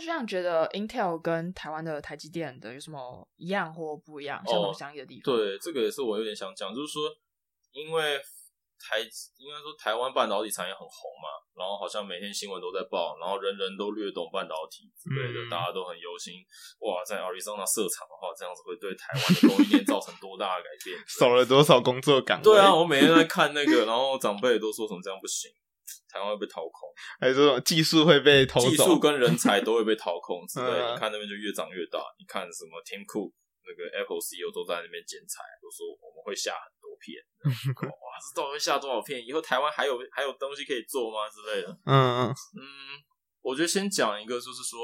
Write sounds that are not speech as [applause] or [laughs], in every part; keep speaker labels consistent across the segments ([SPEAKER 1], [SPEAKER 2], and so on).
[SPEAKER 1] 是這樣覺得，Intel 跟台灣的台積電的有什麼一樣或不一樣，哦、相同、相異的地方？對，
[SPEAKER 2] 這個也是我有點想講，就是說，因為台應該說台灣半導體產業很紅嘛，然後好像每天新聞都在報，然後人人都略懂半導體之類的，嗯、大家都很憂心。哇，在亞利桑那設廠的話，這樣子會對台灣
[SPEAKER 3] 的供應鏈造成多大的改變？ [laughs] 少了多少工作崗位？對啊，我每天在
[SPEAKER 2] 看那個，然後長輩也都說什麼這樣不行。台灣會被掏
[SPEAKER 3] 空，還有這種技術會被掏技術跟人
[SPEAKER 2] 才都會被掏空。 [laughs] 是，對不，你看那邊就越長越大。嗯嗯，你看什麼 Tim Cook 那個 Apple CEO 都在那邊剪綵，都、就是、說，我們會下很多片，哇，這到底會下多少片？以後台灣還有還有東西可以做嗎？之類的。嗯嗯嗯，我覺得先講一個，就是說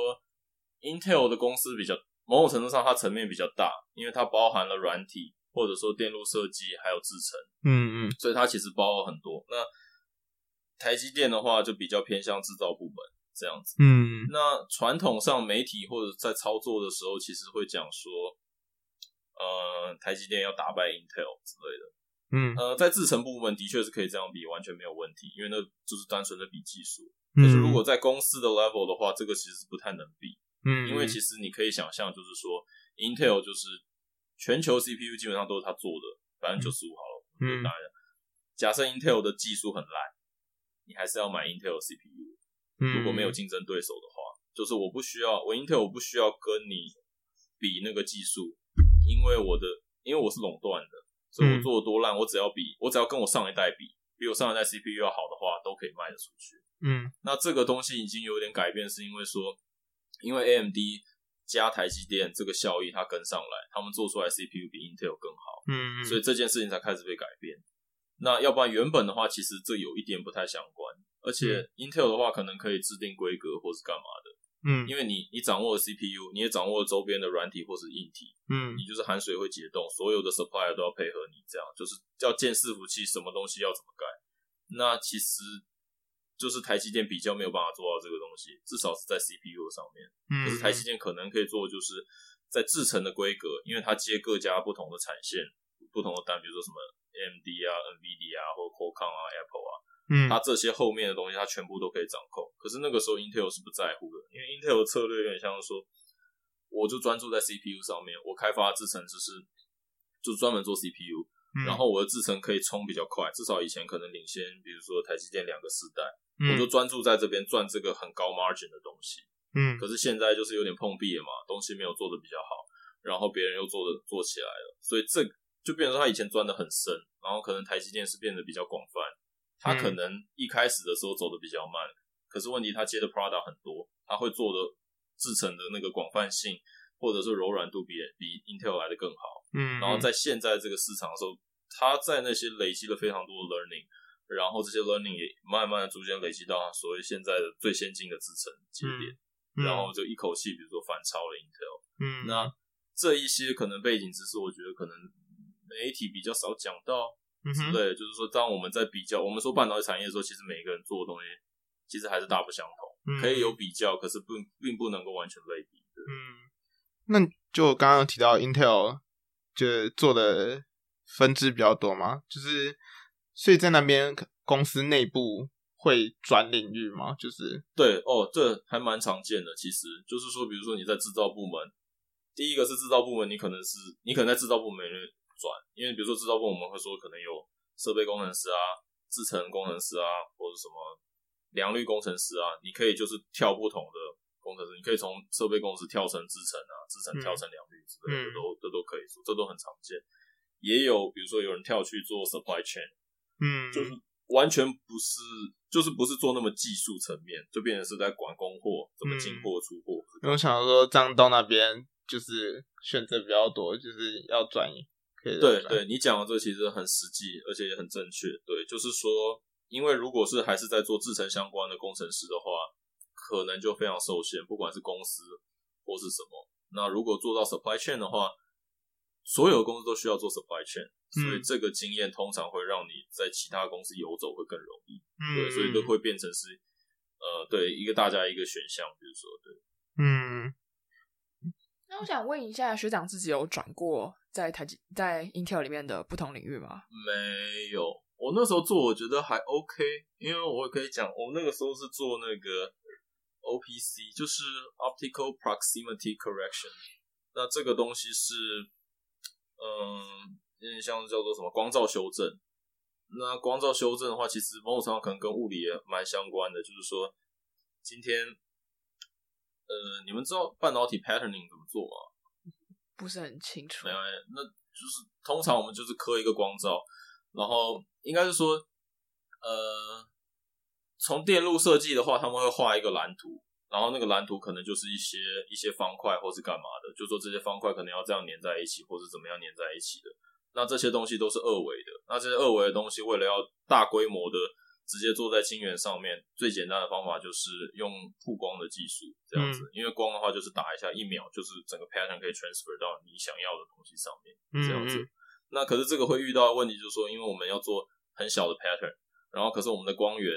[SPEAKER 2] Intel 的公司比較某種程度上它層面比較大，因為它包含了軟體或者說電路設計還有製程，嗯嗯，所以它其實包了很多那。台積電的話就比較偏向製造部門這樣子，嗯，那傳統上媒體或者在操作的時候，其實會講說，呃，台積電要打敗 Intel 之類的，嗯，呃，在製程部分的確是可以這樣比，完全沒有問題，因為那就是單純的比技術。但、嗯、是如果在公司的 level 的話，這個其實不太能比，嗯，因為其實你可以想象，就是說、嗯、Intel 就是全球 CPU 基本上都是他做的，反正九十五好了，嗯，大家、嗯、假設 Intel 的技術很爛。你還是要買 Intel CPU。
[SPEAKER 4] 如果沒有競
[SPEAKER 2] 爭對手的話，嗯，就是我不需要我 Intel 我不需要跟你比那個技術，因為我的因為我是壟斷的，所以我做的多爛，我只要比我只要跟我上一代比，比我上一代 CPU 要好的話，都可以賣得出去。嗯，那這個東西已經有點改變，是因為說，因為 AMD 加台積電這個效益它跟上來，他們做出來 CPU 比 Intel 更好，
[SPEAKER 4] 嗯，嗯，所以
[SPEAKER 2] 這件事情才開始被改變。那要不然原本的話，其實這有一點不太相關。而且 Intel 的話，可能可以制定規格或是幹嘛的。嗯，因為你你掌握了 CPU，你也掌握了周邊的軟體或是硬體。嗯，你就是含水會解凍，所有的 supplier 都要配合你這樣，就是要建伺服器，什麼東西要怎麼改？那其實就是台積電比較沒有辦法做到這個東西，至少是在 CPU 上面。嗯，可是台積電可能可以做的，就是在製程的規格，因為它接各家不同的產線、不同的單，比如說什麼。AMD 啊，NVIDIA 啊，或者 Qualcomm 啊，Apple 啊，嗯，它這些後面的東西，它全部都可以掌控。可是那個時候 Intel 是不在乎的，因為 Intel 的策略，有點像是說，我就專注在 CPU 上面，我開發制程就是就專門做 CPU，嗯、然後我的制程可以衝比較快，至少以前可能領先，比如說台積電兩個世代、嗯，我就專注在這邊賺這個很高 margin 的東西，嗯。可是現在就是有點碰壁了嘛，東西沒有做的比較好，然後別人又做的做起來了，所以這。就變成說，他以前鑽的很深，然後可能台積電是變得比較廣泛。
[SPEAKER 4] 他可能
[SPEAKER 2] 一開始的時候走的比較慢、嗯，可是問題他接的 product 很多，他會做的制程的那個廣泛性或者說柔軟度比比 Intel 來的更好。嗯，嗯。然後在現在這個市場的時候，他在那些累積了非常多的 learning，然後這些 learning 也慢慢的逐漸累積到所謂現在的最先進的制程
[SPEAKER 4] 節點，嗯嗯，然後
[SPEAKER 2] 就一口氣比如說反超了 Intel。嗯。那這一些可能背景知識，我覺得可能。媒體比較少講到，對、嗯，就是說，當我們在比較我們說半導體產業的時候，嗯、其實每個人做的東西其實還是大不相同，嗯、可以有比較，可是不並不能夠完全類比對。嗯，
[SPEAKER 3] 那就我剛剛有提到 Intel 就做的分支比較多嗎？就是，所以在那邊公司內部會轉領域嗎？就是，
[SPEAKER 2] 對哦，這還蠻常見的。其實就是說，比如說你在制造部門，第一個是制造部門，你可能是你可能在制造部門轉，因為比如說製造部，我們會說可能有設備工程師啊、製程工程師啊，或者什麼良率工程師啊，你可以就是跳不同的工程師，你可以從設備工程師跳成製程啊，製程跳成良率之類的，都這都可以說，這都很常見。也有比如說有人跳去做 supply chain，嗯，就是完全不是，就是不是做那麼技術層面，就變成是在管供貨，怎麼進貨
[SPEAKER 3] 出貨、嗯。因為我想說張東那邊就是選擇比較多，就是要轉。對,對對，
[SPEAKER 2] 你講的這其實很實際，而且也很正確。對，就是說，因為如果是還是在做制程相關的工程師的話，可能就非常受限，不管是公司或是什麼。那如果做到 supply chain 的話，所有的公司都需要做 supply chain，所以這個經驗通常會讓你在其他公司遊走會更容易。
[SPEAKER 4] 嗯、對，所以都會
[SPEAKER 2] 變成是呃，對一個大家一個選項。比如說，對，
[SPEAKER 1] 嗯。那我想問一下，學長自己有轉過？在台積在 Intel 裡面的不同領域嗎？
[SPEAKER 2] 沒有，我那時候做，我覺得還 OK，因為我也可以講，我那個時候是做那個 OPC，就是 Optical Proximity Correction。那這個東西是，嗯，有點像叫做什麼光罩修正。那光罩修正的話，其實某種程度可能跟物理也蠻相關的，就是說，今天，
[SPEAKER 1] 呃，
[SPEAKER 2] 你們知道半導體 patterning 怎麼做嗎？
[SPEAKER 1] 不是很清楚沒有，沒有。那
[SPEAKER 2] 就是通常我們就是刻一個光罩，然後應該是說，呃，從電路設計的話，他們會畫一個藍圖，然後那個藍圖可能就是一些，一些方塊或是幹嘛的，就說這些方塊可能要這樣粘在一起，或是怎麼樣粘在一起的。那這些東西都是二維的，那這些二維的東西為了要大規模的。直接做在晶圓上面最簡單的方法就是用曝光的技術這樣子，因為光的話就是打一下一秒，就是整個 pattern 可以 transfer 到你想要的東西上面這樣子，嗯嗯。那可是這個會遇到的問題，就是說因為我們要做很小的 pattern，然後可是我們的光源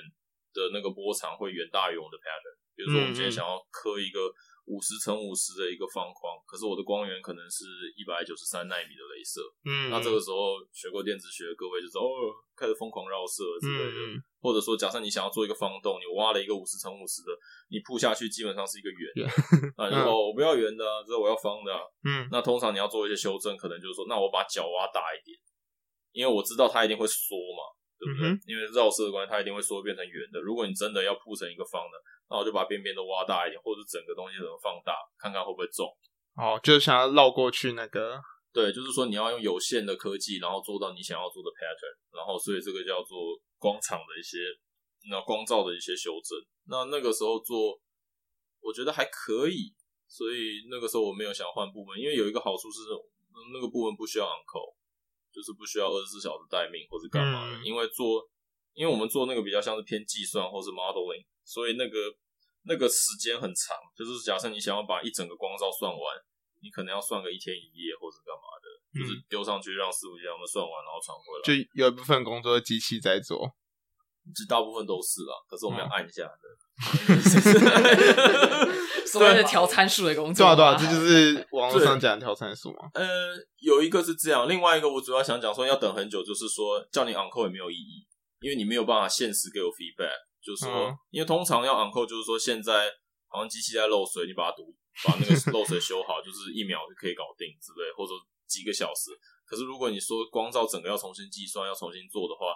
[SPEAKER 2] 的那個波長會遠大於我們的 pattern，比如說我們今天想要刻一個。五十乘五十的一個方框，可是我的光源可能是一百九十三納米的鐳射，嗯，那這個時候學過電子學的各位就知道哦，開始瘋狂繞射之類的、嗯，或者說假設你想要做一個方洞，你挖了一個五十乘五十的，你鋪下去基本上是一個圓的。啊、嗯，然後我不要圓的、啊，這 [laughs] 我要方的、啊，嗯，那通常你要做一些修正，可能就是說，那我把角挖大一點，因為我知道它一定會縮嘛。對不對？嗯、因為繞射的關係，它一定會縮變成圓的。如果你真的要鋪成一個方的，那我就把它邊邊都挖大一點，或者是整個東西都放大，看看會不會中。
[SPEAKER 3] 哦，就是想要繞過去那個。對，就是說
[SPEAKER 2] 你要用有限的科技，然後做到你想要做的 pattern，然後所以這個叫做光場的一些，那光照的一些修正。那那個時候做，我覺得還可以。所以那個時候我沒有想換部門，因為有一個好處是，那個部門不需要 on call。就是不需要二十四小時待命或者幹嘛的、嗯，因為做，因為我們做那個比較像是偏計算或是 modeling，所以那個那個時間很長。就是假設你想要把一整個光罩算完，你可能要算個一天一夜或是幹嘛的，嗯、就是丟上去讓伺服器他們算完，然後傳回來。就
[SPEAKER 3] 有一部分工作的機器在做，其實大部分都是啦，可是我們要按一下的。嗯 [laughs]
[SPEAKER 2] [laughs]
[SPEAKER 1] 所謂的調參數的工作吧，對啊，對啊，這就是網絡上講
[SPEAKER 2] 調參數嘛。呃，有一個是這樣，另外一個我主要想講說，要等很久，就是說叫你 on call 也沒有意義，因為你沒有辦法限時給我 feedback 就。就是說，因為通常要 on call，就是說現在好像機器在漏水，你把它堵，把那個漏水修好， [laughs] 就是一秒就可以搞定，對不對？或者說幾個小時。可是如果你說光照整個要重新計算，要重新做的話，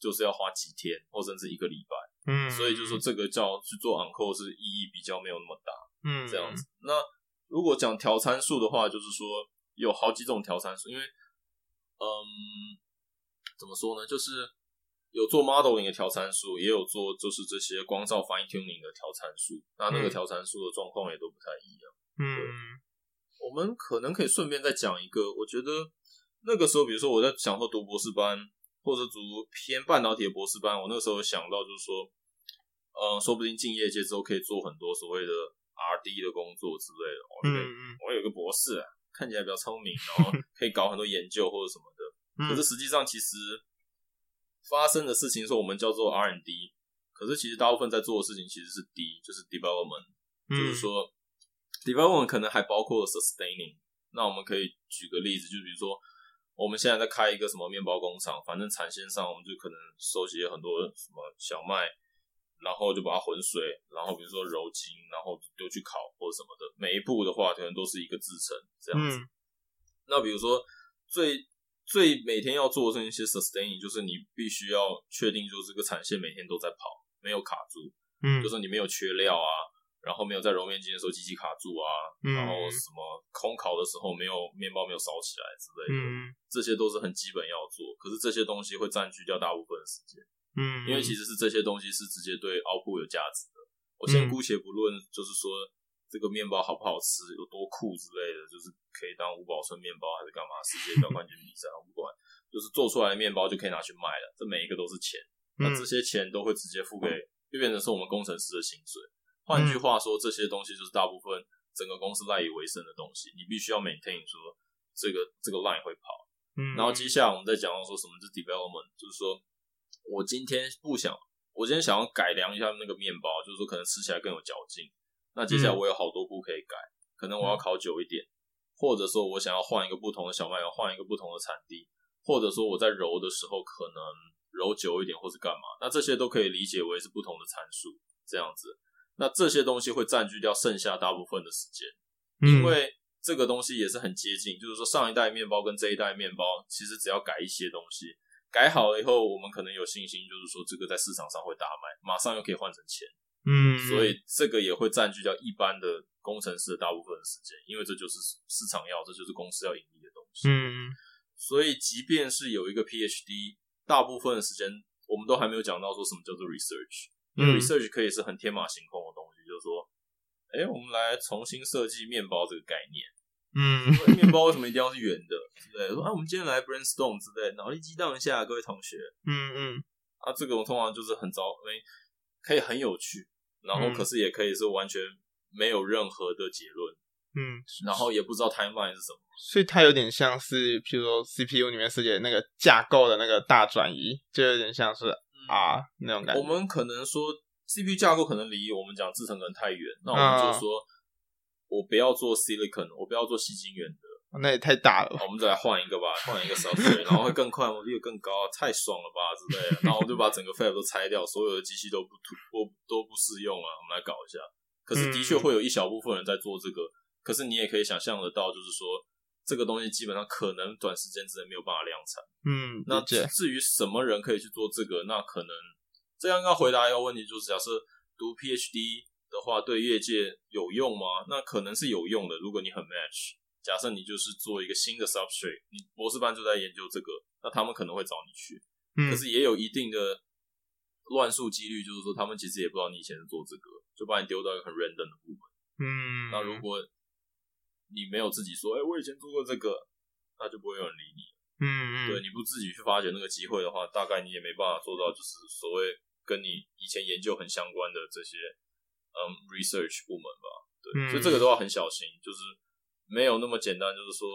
[SPEAKER 2] 就是要花幾天，或甚至一個禮拜。嗯，所以就是說這個叫去做 uncle 是意義比較沒有那麼大，嗯，這樣子。那如果講調參數的話，就是說有好幾種調參數，因為，嗯，怎麼說呢？就是有做 modeling 的調參數，也有做就是這些光照 fine tuning 的調參數，那那個調參數的狀況也都不太一樣。嗯，對，我們可能可以順便再講一個，我覺得那個時候，比如說我在想說讀博士班。或者，讀偏半導體的博士班，我那個時候想到就是說，嗯，說不定進業界之後可以做很多所謂的 R&D 的工作之類的。嗯哦、我有個博士，看起來比較聰明，然後可以搞很多研究或者什麼的。嗯、可是實際上，其實發生的事情說我們叫做 R&D，可是其實大部分在做的事情其實是 D，就是 development，、嗯、
[SPEAKER 4] 就是說、
[SPEAKER 2] 嗯、development 可能還包括了 sustaining。那我們可以舉個例子，就比如說。我們現在在開一個什麼麵包工廠，反正產線上我們就可能收集很多什麼小麥，然後就把它混水，然後比如說揉筋，然後又去烤或者什麼的，每一步的話可能都是一個製程這樣子、嗯。那比如說最最每天要做的是一些 sustaining，就是你必須要確定就是這個產線每天都在跑，沒有卡住，嗯，就是你沒有缺料啊。然後沒有在揉面筋的時候機器卡住啊，然後什麼空烤的時候沒有面包沒有燒起來之類的，這些都是很基本要做。可是這些東西會占據掉大部分的時間，嗯，因為其實是這些東西是直接對 out 庫有價值的。我先姑且不論，就是說這個麵包好不好吃，有多酷之類的，就是可以當五寶村面包還是幹嘛世界小冠軍比賽， [laughs] 不管就是做出來的面包就可以拿去賣了，這每一個都是錢，那這些錢都會直接付給，就變成是我們工程師的薪水。換句話說、嗯，這些東西就是大部分整個公司賴以為生的東西，你必須要 maintain 說這個這個 line 會跑。嗯，然後接下來我們再講到說什麼是 development，就是說我今天不想，我今天想要改良一下那個麵包，就是說可能吃起來更有嚼勁。
[SPEAKER 4] 那接下來我
[SPEAKER 2] 有好多步可以改，嗯、可能我要烤久一點，嗯、或者說我想要換一個不同的小麥，要換一個不同的產地，或者說我在揉的時候可能揉久一點，或是幹嘛，那這些都可以理解為是不同的參數，這樣子。那這些東西會佔據掉剩下大部分的時間，因為這個東西也是很接近，就是說上一代麵包跟這一代麵包，其實只要改一些東西，改好了以後，我們可能有信心，就是說這個在市場上會大賣，馬上又可以換成錢。嗯，所以這個也會佔據掉一般的工程師的大部分的時間，因為這就是市場要，這就是公司要盈利的東西。嗯，所以即便是有一個 PhD，大部分的時間我們都還沒有講到說什麼叫做 research。因為 research 可以是很天馬行空的東西，嗯、就是說，哎、欸，我們來重新設計麵包這個概念。嗯，麵包為什麼一定要是圓的？對 [laughs] 啊，說啊，我們今天來 brainstorm 之類的，腦力激盪一下，各位同學。嗯嗯，啊，這個我通常就是
[SPEAKER 3] 很糟，可以很有趣，然後可是
[SPEAKER 2] 也可以是完全沒有任何的結論。嗯，然嗯，然後也不知道 time line 是什麼。
[SPEAKER 3] 所以它有點像是，譬如說 CPU 裡面設計那個架構的那個大轉移，就有點像是。啊，那種感覺。我
[SPEAKER 2] 們可能說 CPU 架構可能離我們講製程人太遠，那我們就說啊啊，我不要做 Silicon，我不要做矽晶圓的，
[SPEAKER 3] 啊，那也太大了。我
[SPEAKER 2] 們再來換一個吧， [laughs] 換一個 software，然後會更快，這個更高，啊，太爽了吧之類的、啊。 [laughs] 然後我就把整個 fab 都拆掉，所有的機器都不不都不適用啊，我們來搞一下。可是的確會有一小部分人在做這個，嗯、可是你也可以想象得到，就是說。這個東西基本上可能短時間之內沒有辦法量產。嗯，那至於什麼人可以去做這個，那可能這樣要回答一個問題，就是假設讀 PhD 的話對業界有用嗎？那可能是有用的。如果你很 match，假設你就是做一個新的 substrate，你博士班就在研究這個，那他們可能會找你去。嗯，但是也有一定的亂數幾率，就是說他們其實也不知道你以前是做這個，就把你丟到一個很 random 的部門。嗯，
[SPEAKER 4] 那如果。
[SPEAKER 2] 你沒有自己說，哎、欸，我以前做過這個，那就不會有人理你。嗯嗯，對，你不自己去發掘那個機會的話，大概你也沒辦法做到，就是所謂跟你以前研究很相關的這些，嗯，research 部門吧。對、嗯，所以這個都要很小心，就是沒有那麼簡單。就是說，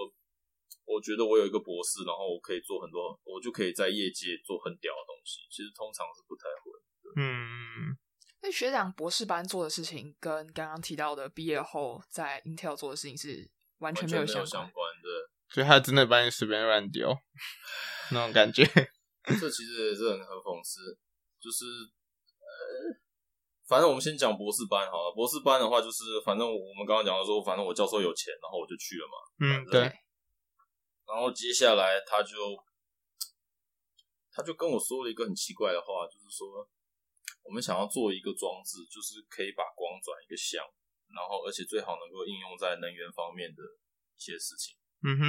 [SPEAKER 2] 我覺得我有一個博士，然後我可以做很多，我就可以在業界做很屌的東西。其實通常是不太會。
[SPEAKER 4] 對嗯。
[SPEAKER 1] 那學長博士班做的事情跟剛剛提到的畢業後在 Intel 做的事情是完全沒有相
[SPEAKER 4] 關的，沒有相
[SPEAKER 3] 關的，對,所以他真的把你隨便亂丟 [laughs] [laughs] 那種感覺。
[SPEAKER 2] 這其實也是很很諷刺，就是，呃，反正我們先講博士班好了。博士班的話，就是反正我們剛剛講的時候，反正我教授有錢，然後我就去了嘛。嗯，對。然後接下來他就他就跟我說了一個很奇怪的話，就是說。我們想要做一個裝置，就是可以把光轉一個向，然後而且最好能夠應用在能源方面的一些事情。嗯哼。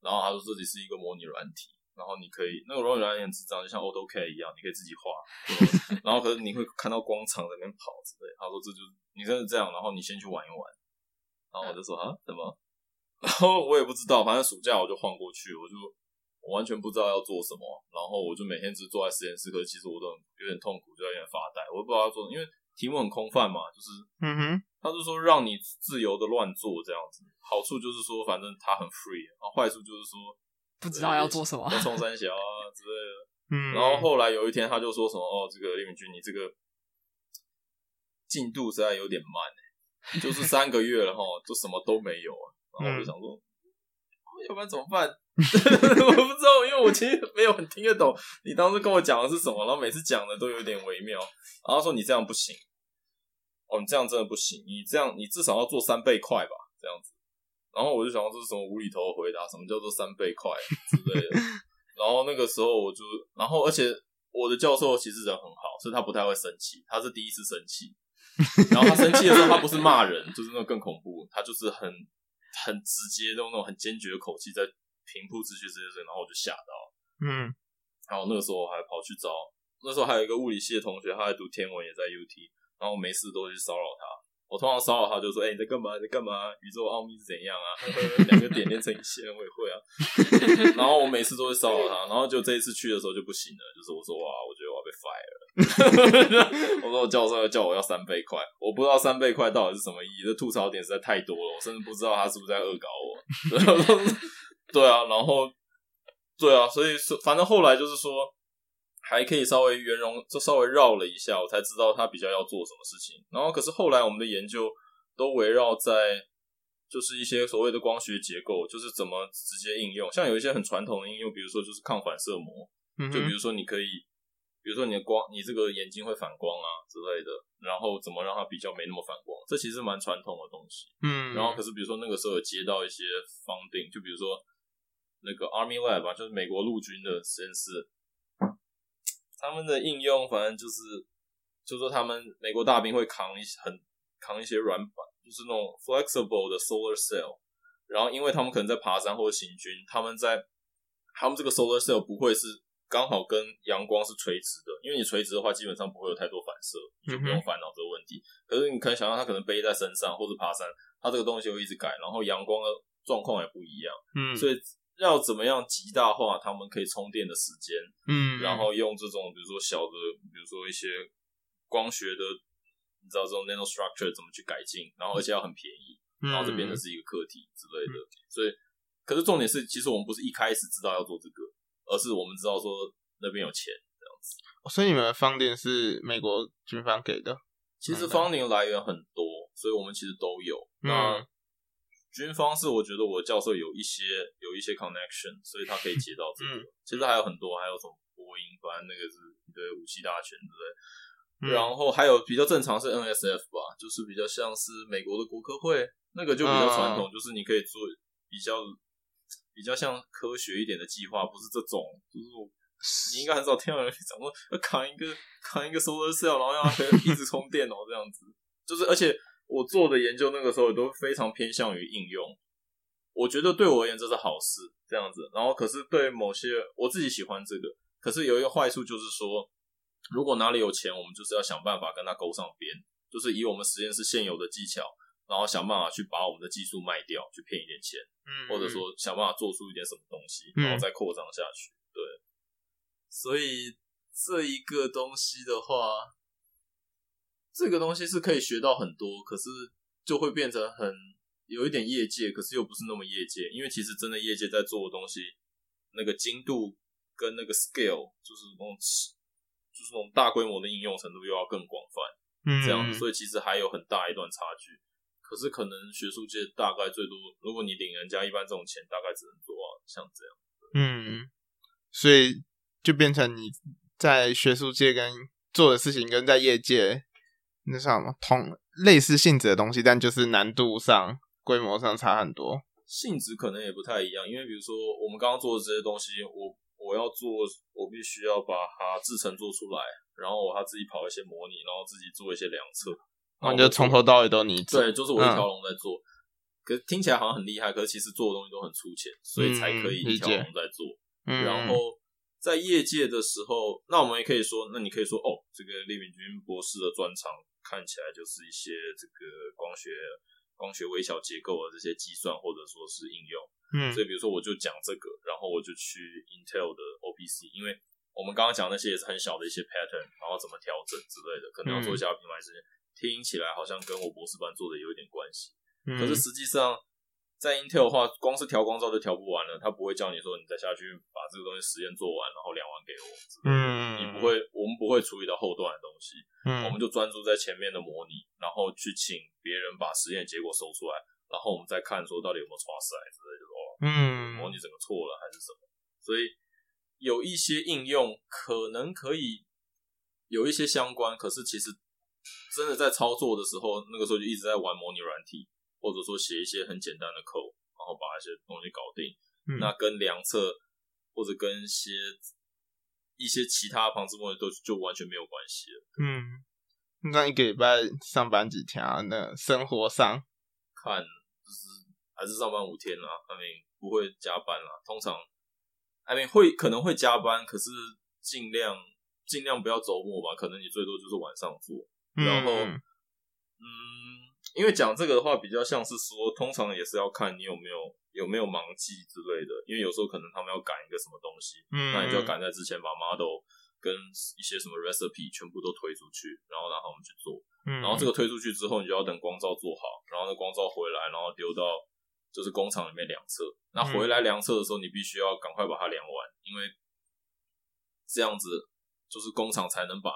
[SPEAKER 2] 然後他說這裡是一個模擬軟體，然後你可以那個軟體很智障，就像 AutoCAD 一樣，你可以自己畫。 [laughs] 然後可是你會看到光場在那邊跑之類。他說這就是、你真是這樣，然後你先去玩一玩。然後我就說啊，怎麼？然後我也不知道，反正暑假我就晃過去，我就我完全不知道要做什麼。然後我就每天只坐在實驗室，可是其實我都有點痛苦。我不知道要做什麼，因為題目很空泛嘛，就是，嗯
[SPEAKER 4] 哼，
[SPEAKER 2] 他就說讓你自由的亂做這樣子，好處就是說反正他很 free，壞處就是說
[SPEAKER 4] 不知道要做什麼，衝三小
[SPEAKER 2] 啊 [laughs] 之類的，
[SPEAKER 4] 嗯，然後後
[SPEAKER 2] 來有一天他就說什麼，哦，這個勵秉均你這個進度實在有點慢、欸，就是三個月了哈，都、 [laughs] 哦、什麼都沒有啊，然後我就想說、嗯哦，要不然怎麼辦？ [laughs] [laughs] 我不知道，因為我其實沒有很聽得懂你當時跟我講的是什麼，然後每次講的都有點微妙，然後他說你這樣不行，哦，你這樣真的不行，你這樣你至少要做三倍快吧，這樣子，然後我就想到這是什麼無厘頭的回答，什麼叫做三倍快之類
[SPEAKER 4] 的，
[SPEAKER 2] 然後那個時候我就，然後而且我的教授其實人很好，所以他不太會生氣，他是第一次生氣，然後他生氣的時候他不是罵人，就是那種更恐怖，他就是很很直接用那種很堅決的口氣在。平鋪直敘這些事，然後我就嚇到。嗯，然後那個時候我還跑去找，那時候還有一個物理系的同學，他在讀天文，也在 UT，然後我每次都去騷擾他。我通常騷擾他就是說：“哎、欸，你在幹嘛？你在幹嘛？宇宙奧秘是怎樣啊？兩個點連成一線，我也會啊。 [laughs] ”然後我每次都會騷擾他，然後就這一次去的時候就不行了，就是我說：“哇，我覺得我要被 fire。 [laughs] ” [laughs] 我說我：“我教授要叫我要三倍快，我不知道三倍快到底是什麼意思。”這吐槽點實在太多了，我甚至不知道他是不是在惡搞我。 [laughs] [laughs] 對啊，然後對啊，所以是反正後來就是說還可以稍微圓融，就稍微繞了一下，我才知道他比較要做什麼事情。然後可是後來我們的研究都圍繞在就是一些所謂的光學結構，就是怎麼直接應用。像有一些很傳統的應用，比如說就是抗反射膜，嗯、就比如說你可以，比如說你的光，你這個眼睛會反光啊之類的，然後怎麼讓它比較沒那麼反光，這其實蠻傳統的東西。嗯，然後可是比如說那個時候有接到一些方定，就比如說。那個 Army Lab 吧、啊，就是美國陸軍的實驗室，他們的應用反正就是，就說他們美國大兵會扛一些很，扛一些軟板，就是那種 flexible 的 solar cell。然後，因為他們可能在爬山或者行軍，他們在，他們這個 solar cell 不會是剛好跟陽光是垂直的，因為你垂直的話，基本上不會有太多反射，你就不用煩惱這個問題。可是你可能想象，他可能背在身上或者爬山，他這個東西會一直改，然後陽光的狀況也不一樣，嗯，所以。要怎麼樣極大化他們可以充電的時間？嗯，然後用這種比如說小的，比如說一些光學的，你知道這種 nano structure 怎麼去改進，然後而且要很便宜，
[SPEAKER 3] 然後這邊的
[SPEAKER 2] 是一個課題之類的、嗯。所以，可是重點是，其實我們不是一開始知道要做這個，而是我們知道說那邊有錢這樣
[SPEAKER 3] 子。所以你們的 funding 是美國軍方給的？其實 funding 來源
[SPEAKER 2] 很多，所以我們其實都有。嗯、那軍方是我覺得我教授有一些有一些 connection，所以他可以接到這個。嗯，其實還有很多，還有什麼波音，反正那個是對武器大全，
[SPEAKER 4] 對不對？然後還有比較正常是
[SPEAKER 2] NSF 吧，就是比較像是美國的國科會，那個就比較傳統，嗯，就是你可以做比較比較像科學一點的計劃，不是這種，就是我你應該很少聽到人講過要扛一個扛一個 solar cell 然後要可以一直充電哦，這樣子， [laughs] 就是而且。我做的研究那個時候也都非常偏向於應用，我覺得對我而言這是好事，這樣子。然後可是對某些我自己喜歡這個，可是有一個壞處就是說，如果哪裡有錢，我們就是要想辦法跟他勾上邊，就是以我們實驗室現有的技巧，然後想辦法去把我們的技術賣掉，去騙一點錢，嗯，或者說想辦法做出一點什麼東西，然後再擴張下去。對，所以這一個東西的話。這個東西是可以學到很多，可是就會變成很有一點業界，可是又不是那麼業界，因為其實真的業界在做的東西，那個精度跟那個 scale，就是那種就是那種大規模的應用程度又要更廣泛，嗯，這樣，所以其實還有很大一段差距。可是可能學術界大概最多，如果你領人家一般這種錢，大概只能做、啊、像這樣，嗯，
[SPEAKER 3] 所以就變成你在學術界跟做的事情跟在業界。那像道同類似性質的東西，但就是難度上，規模上差很多。
[SPEAKER 2] 性質可能也不太一樣，因為比如說我們剛剛做的這些東西，我我要做，我必須要把它製程做出來，然後我它自己跑一些模擬，然後自己做一些量測。那、哦、就從頭到尾都你對，就是我一條龍在做。嗯、可是聽起來好像很厲害，可是其實做的東西都很粗淺，所以才可以一條龍在做。嗯、然後在業界的時候，那我們也可以說，那你可以說哦，這個勵秉均博士的專長。看起來就是一些這個光學、光學微小結構啊，這些計算或者說是應用，嗯，所以比如說我就講這個，然後我就去 Intel 的 OPC，因為我們剛剛講那些也是很小的一些 pattern，然後怎麼調整之類的，可能要做一下品牌之間，聽起來好像跟我博士班做的有一點關係。嗯，可是實際上。在 Intel 的話，光是調光照就調不完了，他不會叫你說你再下去把這個東西實驗做完，然後量完給我。嗯，
[SPEAKER 4] 你不會，
[SPEAKER 2] 我們不會處理到後段的東西，嗯，我們就專注在前面的模擬，然後去請別人把實驗結果收出來，然後我們再看說到底有沒有出錯之類的，嗯，哦、模擬整個錯了還是什麼。所以有一些應用可能可以有一些相關，可是其實真的在操作的時候，那個時候就一直在玩模擬軟體。或者說寫一些很簡單的 code，然後把一些東西搞定，嗯、那跟量測或者跟一些一些其他旁支問題都就完全沒有關
[SPEAKER 3] 係了。嗯，那一個禮拜上班幾天啊？那生活上
[SPEAKER 2] 看就是還是上班五天啦、啊，I mean, 不會加班啦、啊。通常，I mean, 會可能會加班，可是盡量盡量不要周末吧。可能你最多就是晚上做，嗯、然後嗯。嗯因為講這個的話，比較像是說，通常也是要看你有沒有有沒有盲記之類的。因為有時候可能他們要趕一個什麼東西，嗯、嗯，那你就要趕在之前把 model 跟一些什麼 recipe 全部都推出去，然後然後讓他們去做，嗯，然後這個推出去之後，你就要等光罩做好，然後呢，光罩回來，然後丟到就是工廠裡面量測。那、嗯嗯、回來量測的時候，你必須要趕快把它量完，因為這樣子就是工廠才能把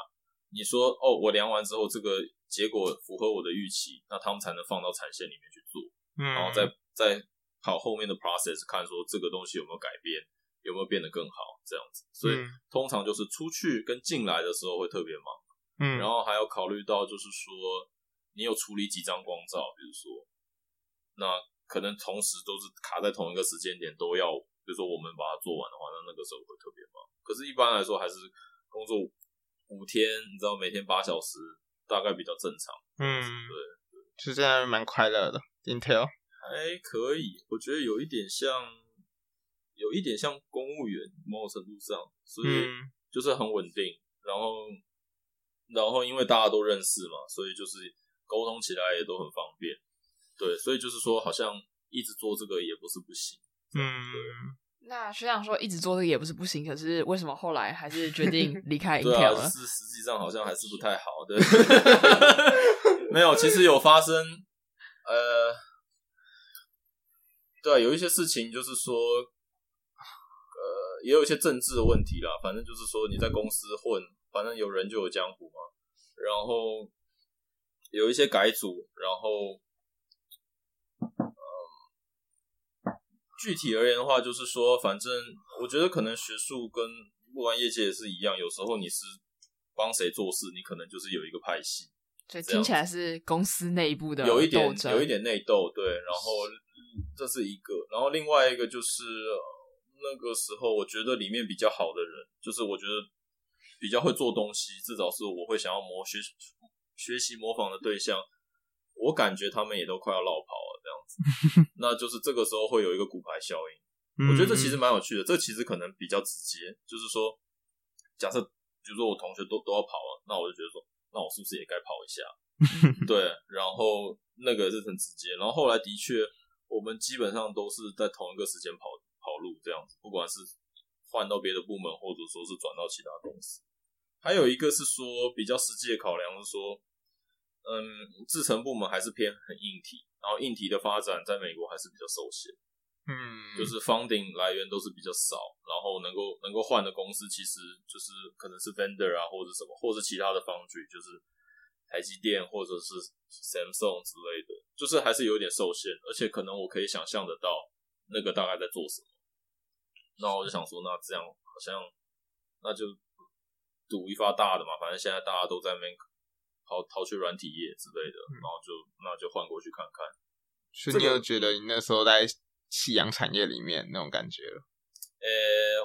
[SPEAKER 2] 你說哦，我量完之後這個。結果符合我的預期，那他們才能放到產線裡面去做，嗯、然後再再跑後面的 process 看說這個東西有沒有改變，有沒有變得更好這樣子。所以、嗯、通常就是出去跟進來的時候會特別忙，嗯，然後還要考慮到就是說你有處理幾張光罩，比如說那可能同時都是卡在同一個時間點，都要，比如說我們把它做完的話，那那個時候會特別忙。可是一般來說還是工作五天，你知道每天八小時。大概比較正常，嗯，
[SPEAKER 3] 對，對就這樣蠻快樂的。Intel
[SPEAKER 2] 還可以，我覺得有一點像，有一點像公務員，某種程度上，所以就是很穩定。然後、嗯，然後因為大家都認識嘛，所以就是溝通起來也都很方便。對，所以就是說，好像一直做這個也不是不行，嗯。
[SPEAKER 4] 對
[SPEAKER 1] 那學長說一直做這個也不是不行，可是為什麼後來還是決定離開 Intel？ [laughs] 對啊，是
[SPEAKER 2] 實際上好像還是不太好。對， [laughs] [laughs] [laughs] 沒有，其實有發生，呃，對啊，有一些事情就是說，呃，也有一些政治的問題啦。反正就是說你在公司混，反正有人就有江湖嘛。然後有一些改組，然後。呃具體而言的話，就是說，反正我覺得可能學術跟不管業界也是一樣，有時候你是幫誰做事，你可能就是有一個派系。
[SPEAKER 1] 所以聽起來是公司內部的有一點有一點
[SPEAKER 2] 內鬥，對。然後這是一個，然後另外一個就是那個時候，我覺得裡面比較好的人，就是我覺得比較會做東西，至少是我會想要模學學習模仿的對象。我感覺他們也都快要落跑了，這樣子，那就是這個時候會有一個骨牌效應。我覺得這其實蠻有趣的，這其實可能比較直接，就是說，假設比如說我同學都都要跑了，那我就覺得說，那我是不是也該跑一下？ [laughs] 對，然後那個是很直接，然後後來的確，我們基本上都是在同一個時間跑跑路這樣子，不管是換到別的部門，或者說是轉到其他公司，還有一個是說比較實際的考量是說，嗯，製程部門還是偏很硬體，然後硬體的發展在美國還是比較受限。嗯，
[SPEAKER 4] 就是
[SPEAKER 2] funding 來源都是比較少，然後能夠能夠換的公司，其實就是可能是 vendor 啊，或者什麼，或者是其他的 foundry，就是台積電或者是 Samsung 之類的，就是還是有點受限。而且可能我可以想象得到那個大概在做什麼。那我就想說，那這樣好像那就賭一發大的嘛，反正現在大家都在 make。然後逃去軟體業之類的，嗯、然後就那就換過去看看。
[SPEAKER 3] 所以你有覺得你那時候在夕陽產業裡面那種感覺？
[SPEAKER 2] 呃、這個嗯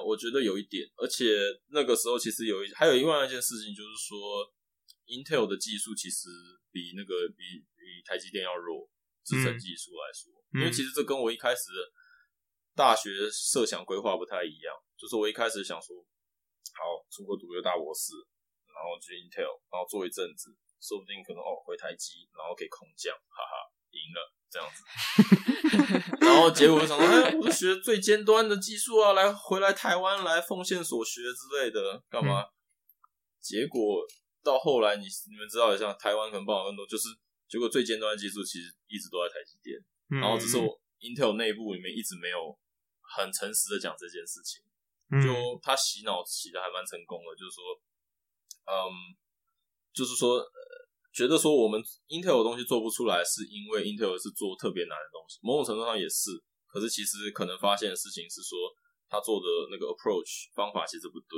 [SPEAKER 2] 欸，我覺得有一點，而且那個時候其實有一還有另外一件事情，就是說、嗯、，Intel 的技術其實比那個比比台積電要弱，製程技術來說、嗯。因為其實這跟我一開始的大學設想規劃不太一樣，就是我一開始想說，好，出國讀個大博士，然後去 Intel，然後做一陣子。說不定可能哦，回台積，然後給空降，哈哈，贏了這樣子。 [laughs] 然後結果就想說，哎、欸，我就學最尖端的技術啊，來回來台灣來奉獻所學之類的，幹嘛？嗯、結果到後來，你你們知道一下，台灣可能幫很多，就是結果最尖端的技術其實一直都在台積電，嗯、然後只是我 Intel 內部裡面一直沒有很誠實的講這件事情，就他洗腦洗的還蠻成功的，就是說，嗯，就是說。覺得說我們 Intel 的東西做不出來，是因為 Intel 是做特別難的東西，某種程度上也是。可是其實可能發現的事情是說，他做的那個 approach 方法其實不對。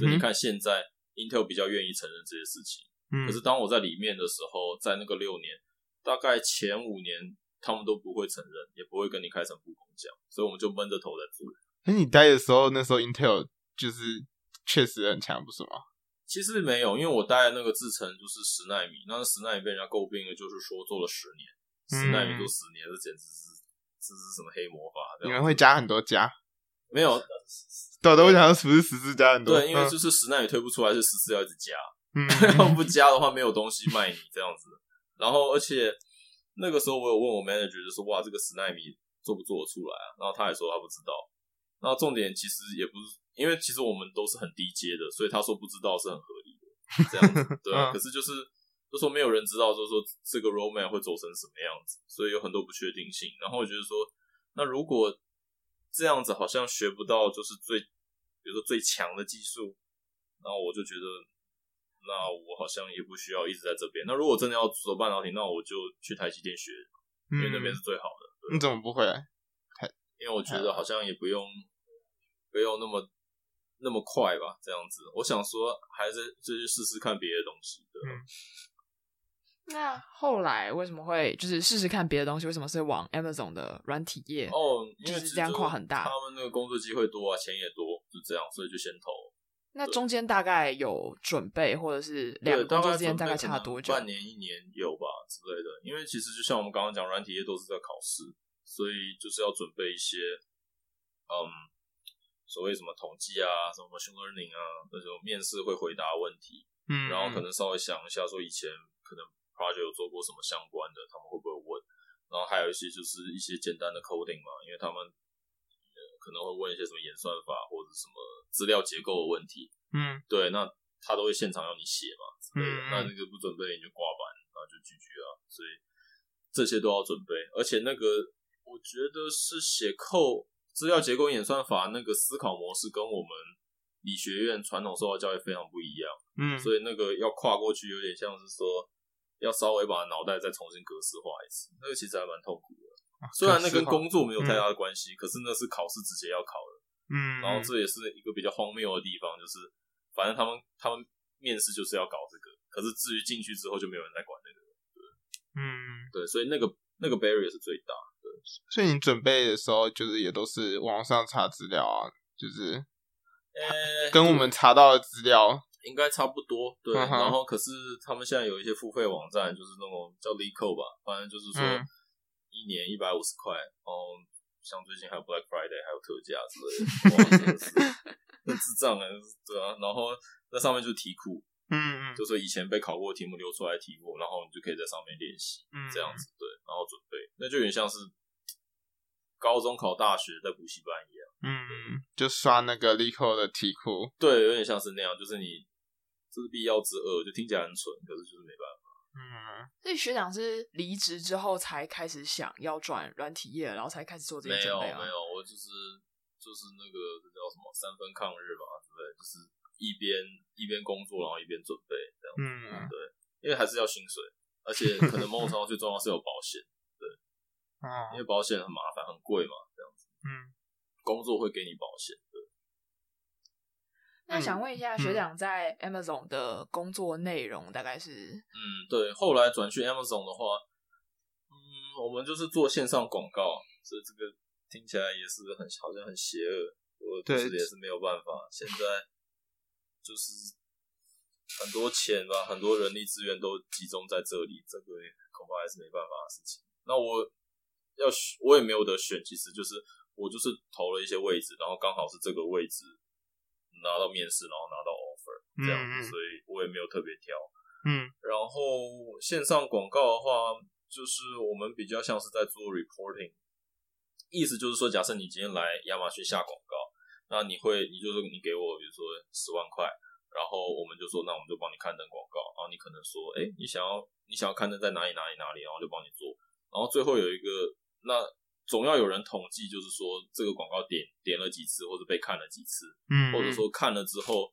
[SPEAKER 2] 所以你看，現在 Intel 比較願意承認這些事情、嗯。可是當我在裡面的時候，在那個六年、嗯，大概前五年，他們都不會承認，也不會跟你開誠布公講，所以我們就悶着頭在做。
[SPEAKER 3] 哎、欸，你待的時候，那時候 Intel 就是確實很強、啊，不是嗎？
[SPEAKER 2] 其實沒有，因為我帶那個製程就是十奈米，那十奈米被人家詬病了，就是說做了十年，嗯、十奈米做十年，這簡直是，這是，是什麼黑魔法這樣子？你們會
[SPEAKER 3] 加很多加？沒有，對，對，對，對我想說是不是十四加很多？對，嗯、因為就是
[SPEAKER 2] 十奈米推不出來，是十四要一直加，嗯，要 [laughs] 不加的話沒有東西賣你這樣子。 [laughs] 然後而且那個時候我有問我 manager，就說哇這個十奈米做不做得出來啊？然後他也說他不知道。那重點其實也不是，因為其實我們都是很低階的，所以他說不知道是很合理的，這樣子對、啊。 [laughs] 啊、可是就是就說沒有人知道，說說這個 roadmap 會走成什麼樣子，所以有很多不確定性。然後我覺得說，那如果這樣子好像學不到就是最，比如說最強的技術，那我就覺得，那我好像也不需要一直在這邊。那如果真的要走半導體，那我就去台積電學、嗯，因為那邊是
[SPEAKER 3] 最好的。你、啊嗯、怎麼不回來？
[SPEAKER 2] 因為我覺得好像也不用。沒有那麼那麼快吧，這樣子，我想說還是就去試試看別的東西。對。
[SPEAKER 1] 嗯、那後來為什麼會就是試試看別的東西？為什麼是會往 Amazon 的軟體業？哦，因為就是這樣跨很大，他
[SPEAKER 2] 們那個工作機會多啊， [noise] 錢也多，就這樣，所以就先投。
[SPEAKER 1] 那中間大概有準備，或者是兩個工作之間大概差多久？半年、一
[SPEAKER 2] 年有吧之類的。因為其實就像我們剛剛講，軟體業都是在考試，所以就是要準備一些，嗯。所謂什麼統計啊，什麼 machine learning 啊，那種面試會回答問題，嗯,嗯，然後可能稍微想一下說以前可能 project 有做過什麼相關的，他們會不會問？然後還有一些就是一些簡單的 coding 嘛，因為他們可能會問一些什麼演算法或者什麼資料結構的問題，嗯，對，那他都會現場要你寫嘛，嗯嗯，對，那那個不準備你就掛板，然後就拒絕啊，所以這些都要準備，而且那個我覺得是寫扣。資料結構演算法，那個思考模式跟我們理學院傳統受到教育非常不一樣，嗯，所以那個要跨過去有點像是說要稍微把腦袋再重新格式化一次，那個其實還蠻痛苦的。
[SPEAKER 4] 啊、雖然那跟工作沒有太大
[SPEAKER 2] 的關係、啊嗯，可是那是考試直接要考的，嗯，然後這也是一個比較荒謬的地方，就是反正他們他們面試就是要搞這個，可是至於進去之後就沒有人來管那個對不對？嗯，對，所以那個那個 barrier 是最大。
[SPEAKER 3] 所以你準備的時候，就是也都是網上查資料啊，就是跟我們查到的資料、
[SPEAKER 2] 欸、應該差不多。對、嗯，然後可是他們現在有一些付費網站，就是那種叫 LeetCode 吧，反正就是說一年一百五十塊，然後像最近還有 Black Friday 還有特價之類的， [laughs] 的的智障啊、欸，對啊。然後那上面就是題庫，嗯，嗯，就說以前被考過的題目留出來題庫，然後你就可以在上面練習、嗯嗯，這樣子對，然後準備，那就有點像是。高中考大學在補習班一樣，嗯，
[SPEAKER 3] 就刷那個 LeetCode 的題庫，
[SPEAKER 2] 對，有點像是那樣，就是你這、就是必要之惡，就聽起來很蠢，可是就是沒辦法。嗯、
[SPEAKER 1] 啊，所以學長是離職之後才開始想要轉軟體業，然後才開始做這些準備、啊、沒有，沒有，
[SPEAKER 2] 我就是就是那個這叫什麼三分抗日吧，對不對？就是一邊一邊工作，然後一邊準備這
[SPEAKER 4] 樣子。嗯、啊，對，
[SPEAKER 2] 因為還是要薪水，而且可能某種程度最重要是有保險。 [laughs] 啊，因為保險很麻煩、很貴嘛，這樣子。
[SPEAKER 4] 嗯，
[SPEAKER 2] 工作會給你保險的。
[SPEAKER 1] 那想問一下，學長在 Amazon 的工作內容大概是？嗯，
[SPEAKER 2] 對，後來轉去 Amazon 的話，嗯，我們就是做線上廣告，所以這個聽起來也是很好像很邪惡。我確實也是沒有辦法，現在就是很多錢吧，很多人力資源都集中在這裡，這個恐怕還是沒辦法的事情。那我要選我也沒有得選，其實就是我就是投了一些位置，然後剛好是這個位置拿到面試，然後拿到 offer 這樣，所以我也沒有特別挑。嗯，然後線上廣告的話，就是我們比較像是在做 reporting，意思就是說，假設你今天來亞馬遜下廣告，那你會，你就說你給我比如說十萬塊，然後我們就說，那我們就幫你刊登廣告，然後你可能說，哎，你想要你想要刊登在哪裡哪裡哪裡，然後就幫你做，然後最後有一個。那總要有人統計，就是說這個廣告點點了幾次，或者被看了幾次，嗯，或者說看了之後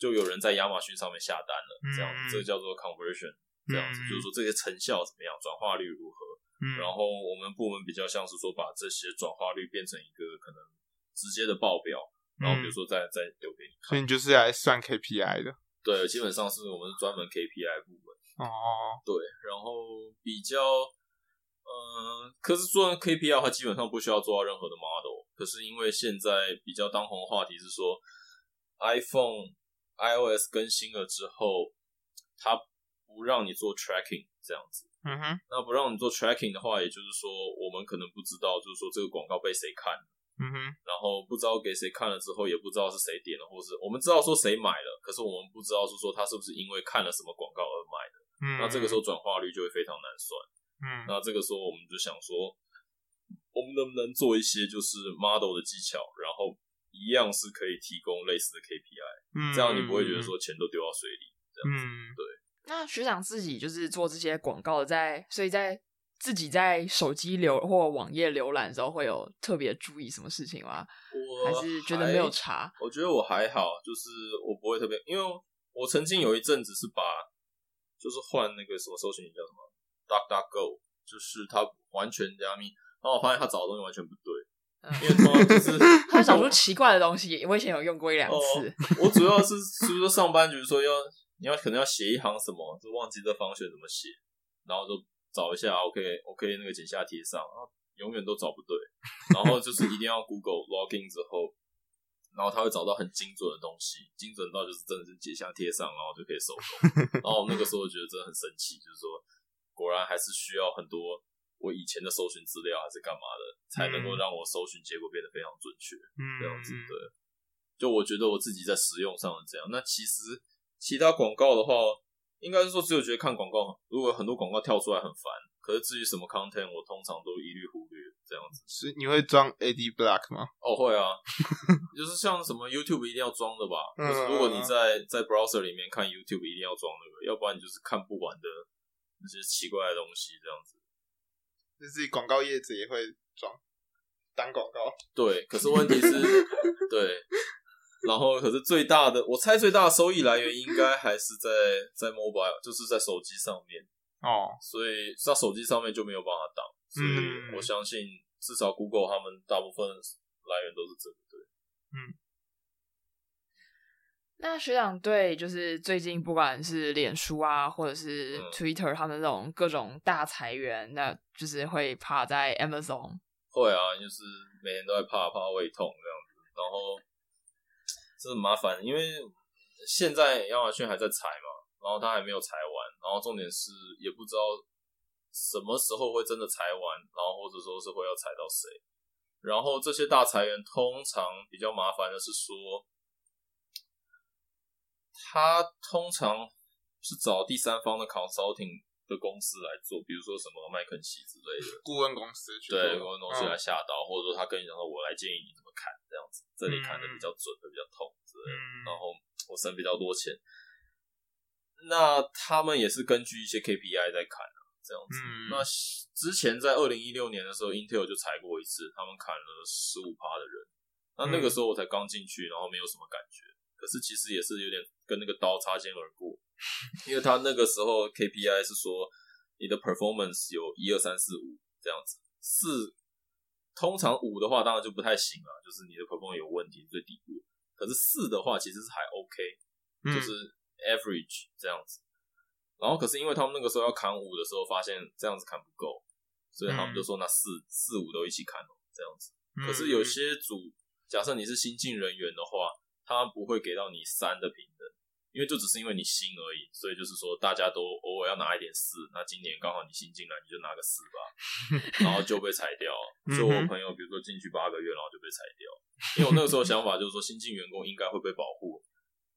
[SPEAKER 2] 就有人在亞馬遜上面下單了，嗯、這樣子，這個、叫做 conversion，嗯、這樣子、嗯，就是說這些成效怎麼樣，轉化率如何，嗯，然後我們部門比較像是說把這些轉化率變成一個可能直接的報表，然後比如說再、嗯、再留給你
[SPEAKER 3] 看，所以你就是來算 K P I 的，對，基本上是
[SPEAKER 2] 我們是專門 K P I 部門，
[SPEAKER 4] 哦，對，然後
[SPEAKER 2] 比較。嗯，可是做 KPL 它基本上不需要做到任何的 model。可是因為現在比較當紅的話題是說，iPhone iOS 更新了之後，它不讓你做 tracking 這樣子。嗯
[SPEAKER 4] 哼，
[SPEAKER 2] 那不讓你做 tracking 的話，也就是說，我們可能不知道，就是說這個廣告被誰看。嗯哼，然後不知道給誰看了之後，也不知道是誰點了，或是我們知道說誰買了，可是我們不知道是說他是不是因為看了什麼廣告而買的。嗯，那這個時候轉化率就會非常難算。嗯，那這個時候我們就想說，我們能不能做一些就是 model 的技巧，然後一樣是可以提供類似的 KPI，嗯，這樣你不會覺得說錢都丟到水裡這樣子，嗯。對。
[SPEAKER 1] 那學長自己就是做這些廣告在，在所以在自己在手機瀏或網頁瀏覽的時候，會有特別注意什麼事情嗎？我還？還是覺得沒有查？
[SPEAKER 2] 我覺得我還好，就是我不會特別，因為我曾經有一陣子是把就是換那個什麼搜尋叫什麼？Duck Duck Go 就是他完全加密，然後我發現他找的東西完全不對，嗯、因為就
[SPEAKER 1] 是他找出奇怪的東西我，我以前有用過一兩次。呃、我主
[SPEAKER 2] 要是所以說上班，就是說要你要可能要寫一行什麼，就忘記這方向怎麼寫，然後就找一下，OK OK 那個剪下貼上，然後永遠都找不對，然後就是一定要 Google login 之後，然後他會找到很精準的東西，精準到就是真的是剪下貼上，然後就可以手動，然後那個時候我覺得真的很神奇，就是說。果然還是需要很多我以前的搜尋資料還是幹嘛的，才能夠讓我搜尋結果變得非常準確。嗯，這樣子對。就我覺得我自己在使用上是這樣。那其實其他廣告的話，應該是說只有覺得看廣告，如果很多廣告跳出來很煩。可是至於什麼 content，我通常都一律忽略這樣子。
[SPEAKER 3] 所以你會裝 Adblock 嗎？
[SPEAKER 2] 哦，會啊， [laughs] 就是像什麼 YouTube 一定要裝的吧？就是如果你在在 browser 裡面看 YouTube，一定要裝那個，要不然你就是看不完的。這些奇怪的東西，這樣子，就是廣告
[SPEAKER 3] 業者也會裝擋廣告。
[SPEAKER 2] 對，可是問題是，對，然後可是最大的，我猜最大的收益來源應該還是在在 mobile，就是在手機上面哦。所以在手機上面就沒有辦法擋，所以我相信至少 Google 他們大部分來源都是這個，對，嗯。
[SPEAKER 1] 那學長，對，就是最近不管是臉書啊，或者是 Twitter，他們那種各種大裁員，嗯、那就是會怕在 Amazon？
[SPEAKER 2] 會啊，就是每天都在怕怕胃痛這樣子，然後這是麻煩，因為現在亞馬遜還在裁嘛，然後他還沒有裁完，然後重點是也不知道什麼時候會真的裁完，然後或者說是會要裁到誰。然後這些大裁員通常比較麻煩的是說。他通常是找第三方的 consulting 的公司來做，比如說什麼麥肯錫之類的顧問公司去，對，顧問公司來下刀，或者說他跟你講說，我來建議你怎麼砍，這樣子、嗯、這裡砍的比較準的，會比較痛，對，然後我省比較多錢、嗯。那他們也是根據一些 KPI 在砍啊，這樣子、嗯。那之前在二零一六年的時候，Intel 就裁過一次，他們砍了十五趴的人、嗯。那那個時候我才剛進去，然後沒有什麼感覺。可是其實也是有點跟那個刀擦肩而過，因為他那個時候 KPI 是說你的 performance 有一二三四五這樣子，四通常五的話當然就不太行了，就是你的 performance 有問題，最底部。可是四的話其實是還 OK，就是 average、嗯、這樣子。然後可是因為他們那個時候要砍五的時候，發現這樣子砍不夠，
[SPEAKER 4] 所以他們就說
[SPEAKER 2] 那四四五都一起砍哦，這樣子。可是有些組，假設你是新進人員的話，他不會給到你三的評分，因為就只是因為你新而已，所以就是說大家都偶爾要拿一點四，那今年剛好你新進來，你就拿個四吧，然後就被裁掉了。所以我朋友比如說進去八個月，然後就被裁掉。因為我那個時候想法就是說新進員工應該會被保護，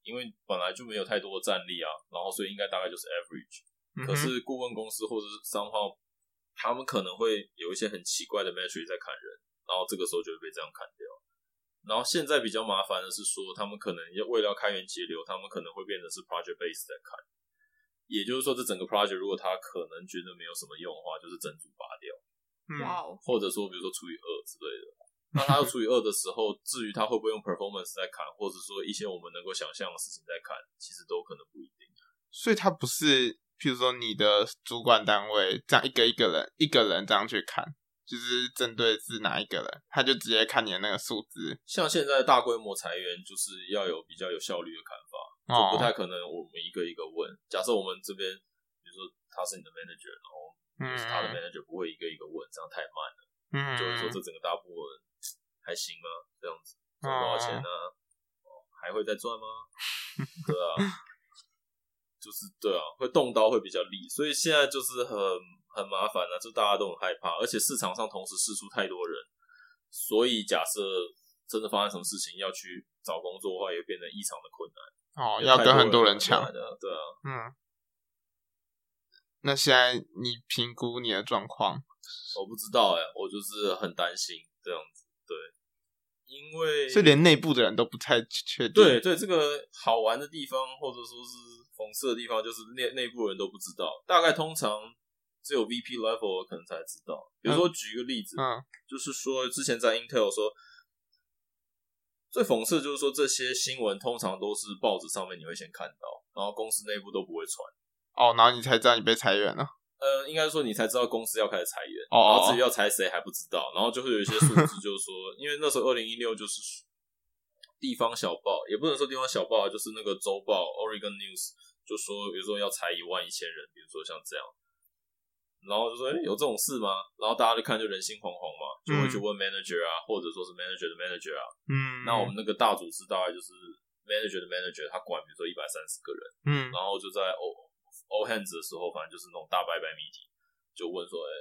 [SPEAKER 2] 因為本來就沒有太多的戰力啊，然後所以應該大概就是 average。可是顧問公司或者是商號，他們可能會有一些很奇怪的 metric 在砍人，然後這個時候就會被這樣砍掉。然後現在比較麻煩的是說，他們可能要為了要開源節流，他們可能會變成是 project base 在看。也就是說，這整個 project 如果他可能覺得沒有什麼用的話，就是整組拔掉。哇、嗯、哦！或者說，比如說除以二之類的。嗯、那他要除以二的時候， [laughs] 至於他會不會用 performance 在砍，或者說一些我們能夠想象的事情在砍，其實都可能不一定。
[SPEAKER 3] 所以，他不是，比如說你的主管單位這樣一個一個人一個人這樣去砍。就是針對是哪一個人，他就直接看你的那個數字。
[SPEAKER 2] 像現在大規模裁員，就是要有
[SPEAKER 3] 比較有效率的看法、哦，就不太可能我們一個一個問。假設我們
[SPEAKER 2] 這邊，比如說他是你的 manager，然後他的 manager，不會一個一個問，嗯、這樣太慢了。就是說這整個大部分還行嗎？這樣子賺多少錢呢、啊哦哦？還會再賺嗎？ [laughs] 對啊，就是對啊，會動刀會比較利，所以現在就是很。很麻煩呢、啊，就大家都很害怕，而且市場上同時釋出太多人，所以假設真的發生什麼事情，要去找工作的話，也變得異常的困難。哦，要跟很多人搶的、啊嗯，對啊，
[SPEAKER 3] 嗯。那現在你評估你的狀況？我不知道哎、欸，我就是很擔心這樣子，對，
[SPEAKER 2] 因為所以連內
[SPEAKER 3] 部的人都不太確定。對對，這
[SPEAKER 2] 個好玩的地方，或者說是諷刺的地方，就是內內部的人都不知道，大概通常。只有 VP level 可能才知道。比如說，舉一個例子、嗯嗯，就是說，之前在 Intel 說，最諷刺的就是說，這些新聞通常都是報紙上面你會先看到，然後公司內部都不會傳。哦，
[SPEAKER 3] 然後你才知道你被裁員了。
[SPEAKER 2] 呃，應該說你才知道公司要開始裁員，哦哦哦，然後至於要裁誰還不知道。然後就會有一些數字，就是說， [laughs] 因為那時候二零一六就是地方小報，也不能說地方小報，就是那個周報 Oregon News 就說，比如說要裁一萬一千人，比如說像這樣。然後就說，誒、欸、有這種事嗎？然後大家就看，就人心惶惶嘛，就會去問 manager 啊、嗯，或者說是 manager 的 manager 啊。嗯。那我們那個大組織大概就是 manager 的 manager，他管，比如說一百三十個人。嗯。然後就在 all, all hands 的時候，反正就是那種大拜拜 meeting，就問說，誒、欸、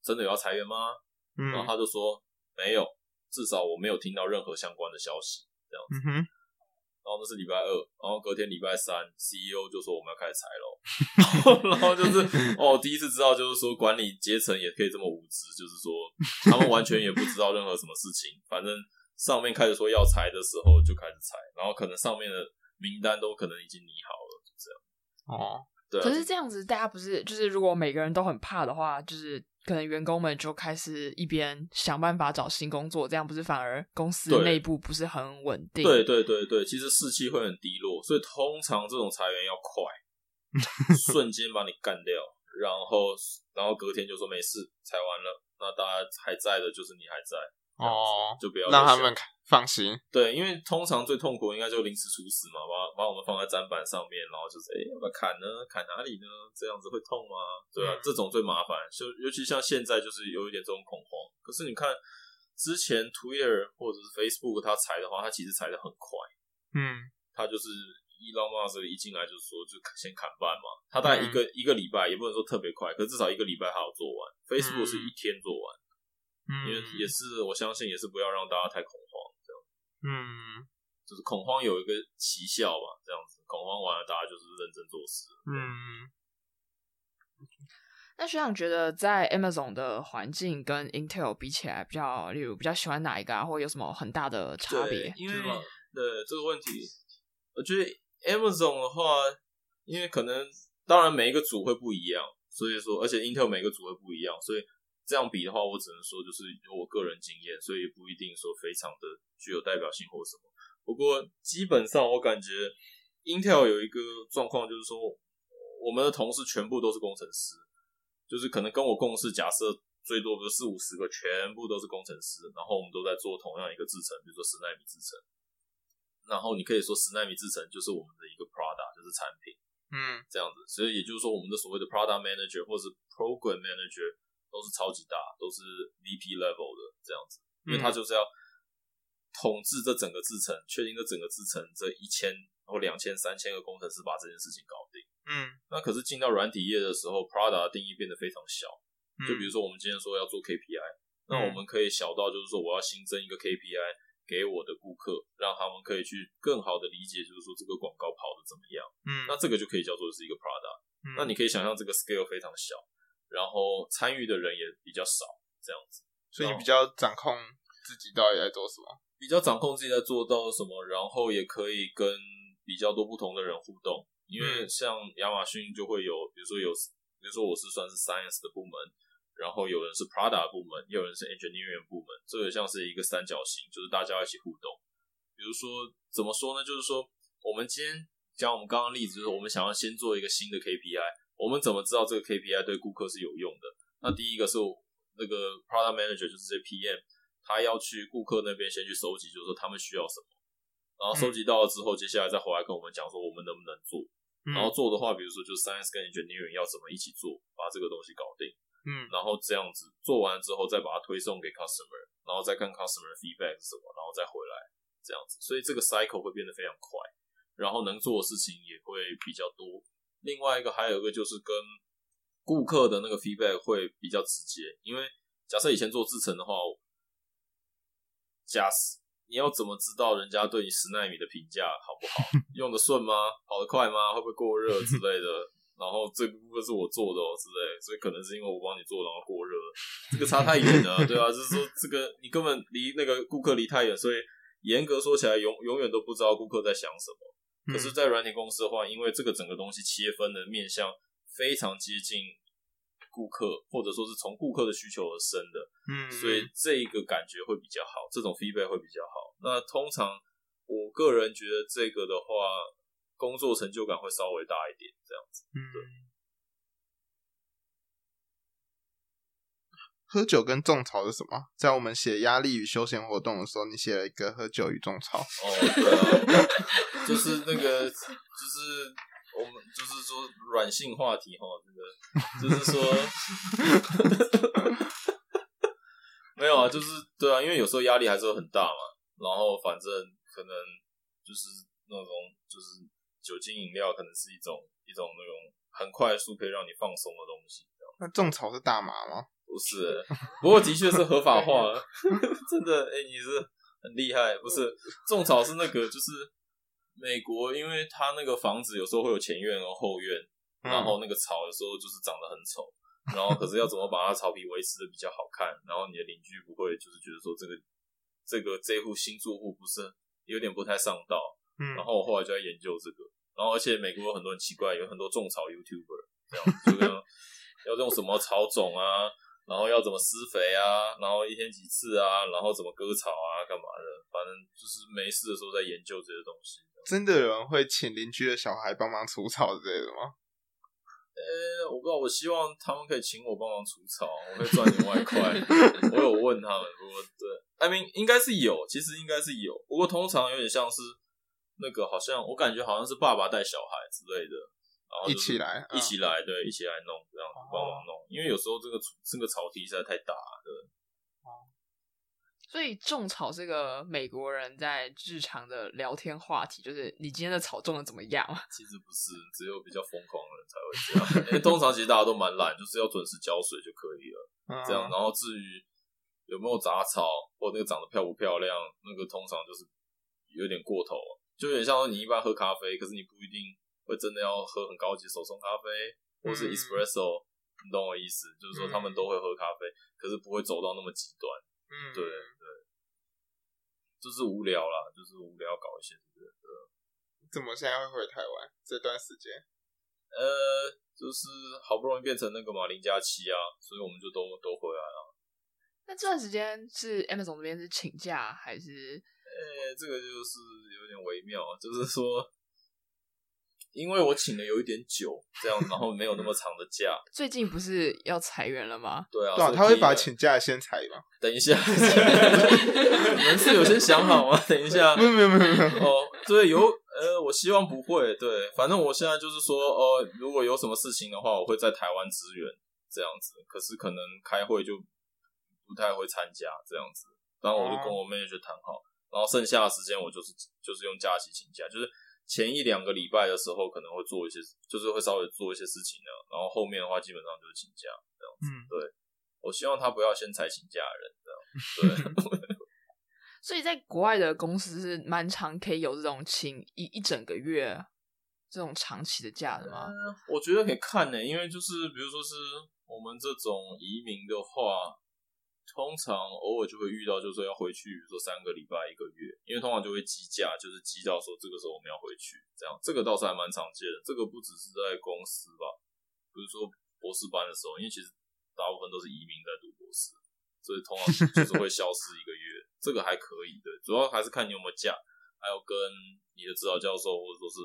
[SPEAKER 2] 真的有要裁員嗎？嗯。然後他就說，沒有，至少我沒有聽到任何相關的消息。這樣子。嗯然後那是禮拜二，然後隔天禮拜三，CEO 就說我們要開始裁咯，然後然後就是哦，第一次知道就是說管理階層也可以這麼無知，就是說他們完全也不知道任何什麼事情，反正上面開始說要裁的時候就開始裁，然後可能上面的名單都可能已經擬好了，就這樣。哦，對。可是
[SPEAKER 1] 這樣子，大家不是就是如果每個人都很怕的話，就是。可能員工們就開始一邊想辦法找新工作，這樣不是反而公司內部不是很穩定？對
[SPEAKER 2] 對對對，其實士氣會很低落，所以通常這種裁員要快，瞬間把你幹掉，然後然後隔天就說沒事，裁完了，那大家還在的就是你還在。
[SPEAKER 3] 哦，oh, 就不要讓他們放心。
[SPEAKER 2] 對，因為通常最痛苦應該就臨時處死嘛，把把我們放在砧板上面，然後就是哎，欸、要不然砍呢，砍哪裡呢？這樣子會痛嗎？對啊，嗯、這種最麻煩。就尤其像現在，就是有一點這種恐慌。可是你看，之前 Twitter 或者是 Facebook 他裁的話，他其實裁的很快。嗯，他就是 Elon Musk 一進來就說就先砍半嘛，他大概一個、嗯、一個禮拜也不能說特別快，可是至少一個禮拜還有做完、嗯。Facebook 是一天做完。嗯，因為也是，我相信也是，不要讓大家太恐慌，這樣。
[SPEAKER 4] 嗯，就
[SPEAKER 2] 是恐慌有一個奇效吧，這樣子，恐慌完了，大家就是認真做事。
[SPEAKER 1] 嗯。那學長覺得，在 Amazon 的環境跟 Intel 比起來，比較，例如比較喜歡哪一個，啊，或有什麼很大的差別？對，因為，
[SPEAKER 4] 就是嘛，對，
[SPEAKER 2] 這個問題，我覺得 Amazon 的話，因為可能，當然每一個組會不一樣，所以說，而且 Intel 每一個組會不一樣，所以。這樣比的話，我只能說就是有我個人經驗，所以不一定說非常的具有代表性或什麼。不過基本上我感覺，Intel 有一個狀況就是說，我們的同事全部都是工程師，就是可能跟我共事，假設最多不就四五十個，全部都是工程師，然後我們都在做同樣一個制程，比如說十奈米制程，然後你可以說十奈米制程就是我們的一個 product，就是產品，嗯，這樣子。所以也就是說，我們的所謂的 product manager 或是 program manager。都是超級大，都是 VP level 的這樣子，因為他就是要統治這整個製程，嗯、確定這整個製程這一千、然後兩千、三千個工程師把這件事情搞定。嗯，那可是進到軟體業的時候，product 的定義變得非常小。就比如說我們今天說要做 KPI，嗯，那我們可以小到就是說我要新增一個 KPI 給我的顧客，讓他們可以去更好的理解，就是說這個廣告跑得怎麼樣。嗯，那這個就可以叫做是一個 product，嗯。那你可以想象這個 scale 非常小。然後參與的人也比較少，這樣子，所以你比較掌控自己到底在做什麼，比較掌控自己在做到什麼，然後也可以跟比較多不同的人互動。因為像亞馬遜就會有，比如說有，比如說我是算是 science 的部門，然後有人是 product 部門，也有人是 engineering 部門，這個像是一個三角形，就是大家一起互動。比如說怎麼說呢？就是說我們今天講我們剛剛的例子，就是我們想要先做一個新的 KPI。我們怎麼知道這個 KPI 對顧客是有用的？那第一個是那個 Product Manager，就是這些 PM，他要去顧客那邊先去收集，就是說他們需要什麼，然後收集到了之後，嗯、接下來再回來跟我們講說我們能不能做、嗯。然後做的話，比如說就是 Science 跟 Engineering 要怎麼一起做，把這個東西搞定。嗯，然後這樣子做完之後，再把它推送給 Customer，然後再看 Customer 的 Feedback 是什麼，然後再回來這樣子。所以這個 Cycle 會變得非常快，然後能做的事情也會比較多。另外一個，還有一個就是跟顧客的那個 feedback 會比較直接，因為假設以前做製程的話，假設你要怎麼知道人家對你十納米的評價好不好，用得順嗎，跑得快嗎，會不會過熱之類的？然後這個部分是我做的哦、喔，之類，所以可能是因為我幫你做，然後過熱，這個差太遠了、啊，對啊，就是說這個你根本離那個顧客離太遠，所以嚴格說起來永，永永遠都不知道顧客在想什麼。可是，在軟體公司的話，因為這個整個東西切分的面向非常接近顧客，或者說是從顧客的需求而生的，嗯，所以這個感覺會比較好，這種 feedback 會比較好。那通常，我個人覺得這個的話，工作成就感會稍微大一點，這樣子，
[SPEAKER 4] 對，嗯。
[SPEAKER 3] 喝酒跟種草是什麼？在我們寫壓力與休閒活動的時候，你寫了一個喝酒與種草，oh, 對啊， [laughs] 就
[SPEAKER 2] 是那個，就是我們就是說軟性話題齁，這個就是說 [laughs] [laughs] 沒有啊，就是對啊，因為有時候壓力還是很大嘛，然後反正可能就是那種就是酒精飲料，可能是一種一種那種很快速可以讓你放鬆的東西。
[SPEAKER 3] 那種草是大麻嗎？
[SPEAKER 2] 不是，不過的確是合法化了，真的，哎、欸，你是很厲害，不是種草，是那個就是美國，因為他那個房子有時候會有前院和後院，然後那個草有時候就是長得很醜，然後可是要怎麼把它草皮維持得比較好看，然後你的鄰居不會就是覺得說這個這個這戶新住戶不是有點不太上道，然後我後來就在研究這個，然後而且美國有很多很奇怪，有很多種草 YouTuber，這樣，就要 [laughs] 要用什麼草種啊？然後要怎麼施肥啊？然後一天幾次啊？然後怎麼割草啊？幹嘛的？反正就是沒事的時候在研究這些東西。
[SPEAKER 3] 對對，真的有人會請鄰居的小孩幫忙除草之類的嗎？
[SPEAKER 2] 欸，我不知道。我希望他們可以請我幫忙除草，我可以賺點外快。 [laughs] 我有問他們，我對對 I mean, 應該是有，其實應該是有。不過通常有點像是那個，好像我感覺好像是爸爸帶小孩之類的。一起來，一起來、啊，一起來，對，一起來弄，這樣子幫忙弄。因為有時候這個這個草地實在太大了，了、
[SPEAKER 1] 啊。所以種草是個美國人在日常的聊天話題，就是你今天的草種的怎麼樣？其實不
[SPEAKER 2] 是，只有比較瘋狂的人才會這樣。因為通常其實大家都蠻懶， [laughs] 就是要準時澆水就可以了。這樣，然後至於有沒有雜草，或那個長得漂不漂亮，那個通常就是有點過頭，就有點像說你一般喝咖啡，可是你不一定。會真的要喝很高級手沖咖啡，或是 espresso、嗯、你懂我意思？就是說他們都會喝咖啡，嗯、可是不會走到那麼極端。嗯，對對，就是無聊啦，就是無聊搞一些，些，對，
[SPEAKER 3] 怎麼現在會回台灣？這段時間？呃，就
[SPEAKER 2] 是好不容易變成那個零加七啊，所以我們就都都回來了、啊。
[SPEAKER 1] 那這段時間是 Amazon 這邊是請假還是、
[SPEAKER 2] 欸？這個就是有點微妙，就是說。因為我請的有一點久，這樣然後沒有
[SPEAKER 3] 那麼長的假。 [laughs]
[SPEAKER 1] 最近不是要裁員了嗎？對啊，是是他
[SPEAKER 3] 會把請假先裁吧。等一下，
[SPEAKER 2] [laughs] [laughs] [laughs]
[SPEAKER 1] 你們是有先想好嗎？等一下，
[SPEAKER 2] 沒有沒有沒有沒有。哦，對，有呃，我希望不會。對，反正我現在就是說，呃，如果有什麼事情的話，我會在台灣支援這樣子。可是可能開會就不太會參加這樣子。然後我就跟我 manager 談好、啊，然後剩下的時間我就是就是用假期請假，就是。前一兩個禮拜的時候可能會做一些，就是會稍微做一些事情呢。然後後面的話基本上就是請假這樣子。嗯、對，我希望他不要先才請假的人
[SPEAKER 1] 這樣。對。 [laughs] [laughs] 所以在國外的公司是蠻常可以有這種請一一整個月這種長期的假的嗎？嗯、我覺得可以看
[SPEAKER 2] 呢、欸，因為就是比如說是我們這種移民的話。通常偶爾就會遇到，就是說要回去，比如說三個禮拜、一個月，因為通常就會積假，就是積到說這個時候我們要回去，這樣這個倒是還蠻常見的。這個不只是在公司吧，不是說博士班的時候，因為其實大部分都是移民在讀博士，所以通常就是會消失一個月，這個還可以的。主要還是看你有沒有假，還有跟你的指導教授或者說是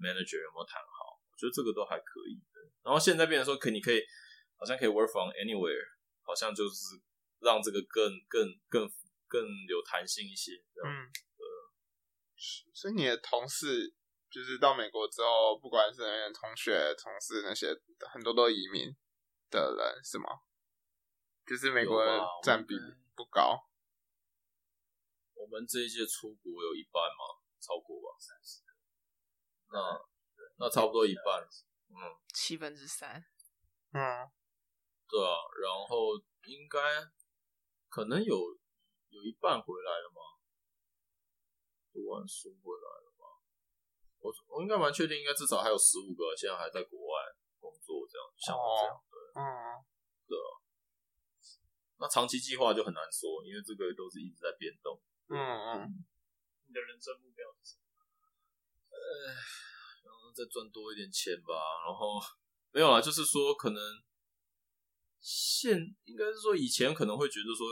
[SPEAKER 2] manager 有沒有談好，我覺得這個都還可以。然後現在變成說，可你可以好像可以 work from anywhere，好像就是。讓這個更
[SPEAKER 3] 更更更有彈性一些，嗯，呃，所以你的同事就是到美國之後，不管是那同學、同事那些，很多都移民的人是嗎？就是美國人佔比不高。我，
[SPEAKER 1] 我
[SPEAKER 2] 們這一屆出國有一半嗎？超過吧？三十那、嗯、那差不多一半。嗯，七分之三嗯
[SPEAKER 1] 嗯。嗯，
[SPEAKER 2] 對啊，然後應該。可能有有一半回來了嗎？讀完書回來了吧？我我應該蠻確定，應該至少還有十五個現在還在國外工作這樣，像我這樣對，嗯，對。那長期計劃就很難說，因為這個都是一直在變動。
[SPEAKER 4] 嗯嗯，嗯。你的人
[SPEAKER 2] 生目標就是什麼？呃，然後再賺多一點錢吧。然後沒有啦，就是說可能。現應該是說以前可能會覺得說，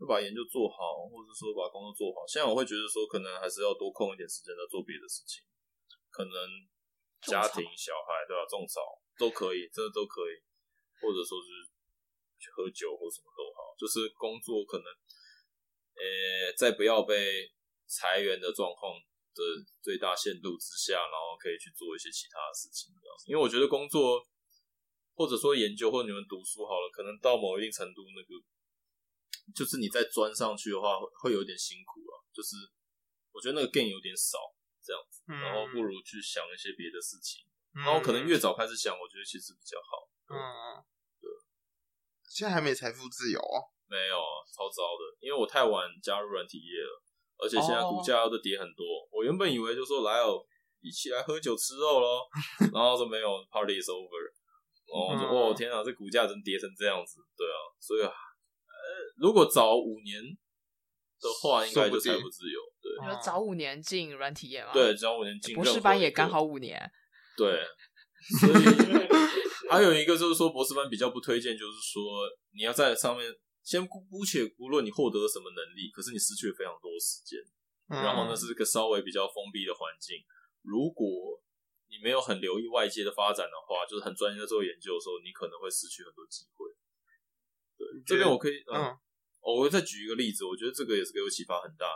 [SPEAKER 2] 要把研究做好，或者說把工作做好。現在我會覺得說，可能還是要多空一點時間來做別的事情，
[SPEAKER 4] 可能
[SPEAKER 2] 家庭、小孩，對吧、啊？種草都可以，真的都可以，或者說、就是去喝酒或什麼都好。就是工作可能，呃，在不要被裁員的狀況的最大限度之下，然後可以去做一些其他的事情。因為我覺得工作。或者說研究或者你們讀書好了，可能到某一定程度，那個就是你再鑽上去的話會，會有點辛苦啊。就是我覺得那個 gain 有點少，這樣子、嗯，然後不如去想一些別的事情。嗯、然後可能越早開始想，我覺得其實比
[SPEAKER 3] 較好。對，嗯，對。現在還沒財富自由？
[SPEAKER 2] 沒有啊，超糟的，因為我太晚加入軟體業了，而且現在股價都跌很多。哦、我原本以為就說來哦，一起來喝酒吃肉咯， [laughs] 然後說沒有，party is over。哦就哦，天啊、嗯，這股價真跌成這樣子，對啊，所以啊，呃，如果早五年的話，應該就財務自由。對，嗯，對早
[SPEAKER 1] 五年進軟體業嘛，對，早五年進博士班也剛好五年。
[SPEAKER 2] 對，所以還、 [laughs] 啊，有一個就是說，博士班比較不推薦，就是說你要在上面先姑且不論你獲得了什麼能力，可是你失去了非常多時間，嗯，然後呢是一個稍微比較封閉的環境，如果。你沒有很留意外界的發展的話，就是很專業在做研究的時候，你可能會失去很多機會。對，這邊我可以，呃、嗯，哦、我會再舉一個例子，我覺得這個也是給我啟發很大。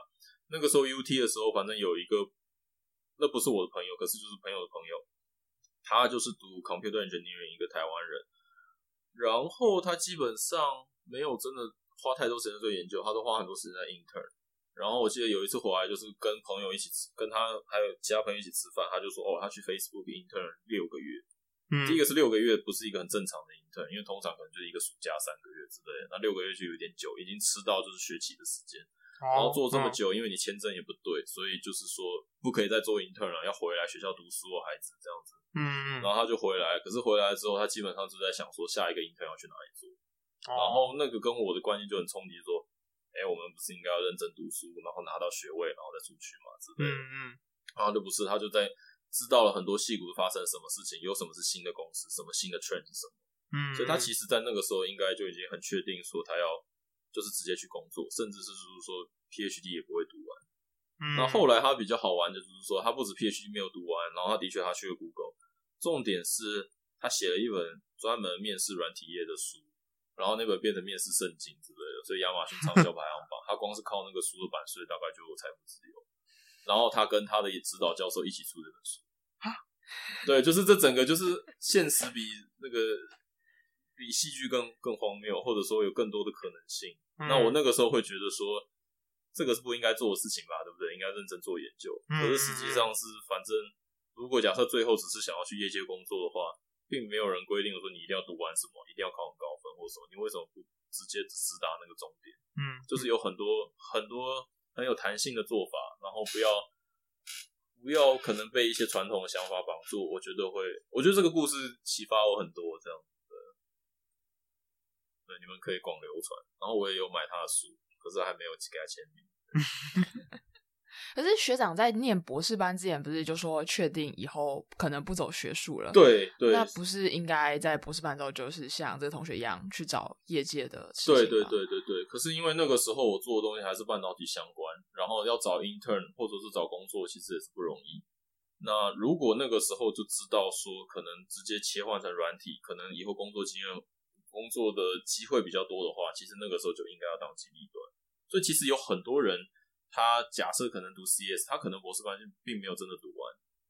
[SPEAKER 2] 那個時候 UT 的時候，反正有一個，那不是我的朋友，可是就是朋友的朋友，他就是讀 computer engineering 一個台灣人，然後他基本上沒有真的花太多時間做研究，他都花很多時間在 intern。然後我記得有一次回來，就是跟朋友一起吃，跟他還有其他朋友一起吃飯，他就說：“哦，他去 Facebook intern 六個月，嗯、第一個是六個月，不是一個很正常的 intern，因為通常可能就是一個暑假三個月之類的，那六個月就有點久，已經吃到就是學期的時間。然後做這麼久、嗯，因為你簽證也不對，所以就是說不可以再做 intern 了，要回來學校讀書或孩子這樣子。嗯、嗯，然後他就回來，可是回來之後，他基本上就在想說下一個 intern 要去哪裡做。嗯、然後那個跟我的關係就很衝擊，說。”哎、欸，我們不是應該要認真讀書，然後拿到學位，然後再出去嘛？之
[SPEAKER 4] 類
[SPEAKER 2] 的嗯。嗯。然後就不是，他就在知道了很多矽谷發生什麼事情，有什麼是新的公司，什麼新的 trend 什麼。嗯。所以他其實，在那個時候，應該就已經很確定說，他要就是直接去工作，甚至是就是說，PhD 也不會讀完。嗯。那後，後來他比較好玩的就是說，他不止 PhD 沒有讀完，然後他的確他去了 Google。重點是他寫了一本專門面試軟體業的書。然後那本變成面試聖經，之類的，所以亞馬遜暢銷排行榜， [laughs] 他光是靠那個書的版稅，大概就有財富自由。然後他跟他的指導教授一起出這本書， [laughs] 對，就是這整個就是現實比那個比戲劇更更荒謬，或者說有更多的可能性。嗯。那我那個時候會覺得說，這個是不應該做的事情吧，對不對？應該認真做研究。嗯。可是實際上是，反正如果假設最後只是想要去業界工作的話，並沒有人規定說你一定要讀完什麼，一定要考很高分。你為什麼不直接直達那個終點？嗯，就是有很多、嗯、很多很有彈性的做法，然後不要不要可能被一些傳統的想法綁住。我覺得會，我覺得這個故事啟發我很多。這樣對，你們可以廣流傳。然後我也有買他的書，可是還沒有給他簽名。 [laughs]
[SPEAKER 1] 可是學長在念博士班之前，不是就說確定以後可能不走學術了對？對，那不是應該在博士班之後，就是像這個同學一樣去找業界的？對，對，
[SPEAKER 2] 對，對，對。可是因為那個時候我做的東西還是半導體相關，然後要找 intern 或者是找工作，其實也是不容易。那如果那個時候就知道說可能直接切換成軟體，可能以後工作經驗工作的機會比較多的話，其實那個時候就應該要當機立斷。所以其實有很多人。他假設可能讀 CS，他可能博士班並沒有真的讀完，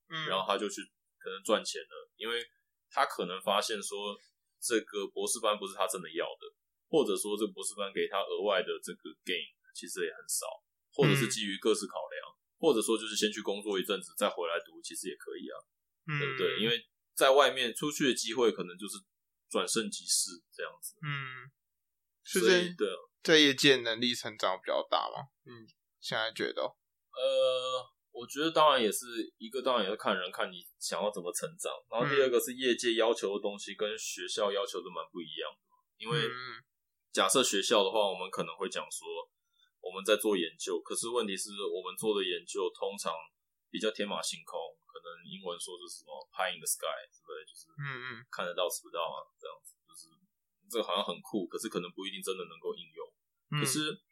[SPEAKER 2] 嗯，然後他就去可能賺錢了，因為他可能發現說，這個博士班不是他真的要的，或者說這個博士班給他額外的這個 gain 其實也很少，或者是基於各式考量，嗯，或者說就是先去工作一陣子再回來讀，其實也可以啊，嗯，
[SPEAKER 1] 對，
[SPEAKER 2] 對，因為在外面出去的機會可能就是
[SPEAKER 3] 轉瞬即逝這樣子，嗯，
[SPEAKER 4] 所以
[SPEAKER 3] 對，在業界能力成長比較大嘛，嗯。現在覺得、哦，呃，我覺得當然也
[SPEAKER 2] 是一個，當然也是看人，看你想要怎麼成長。然後第二個是業界要求的東西跟學校要求的蠻不一樣的，因為假設學校的話，我們可能會講說我們在做研究，可是問題是我們做的研究通常比較天馬行空，可能英文說是什麼 pie in the sky”，對不對？就是嗯嗯，看得到吃不到啊，這樣子就是這個好像很酷，可是可能不一定真的能夠應用、嗯。可是。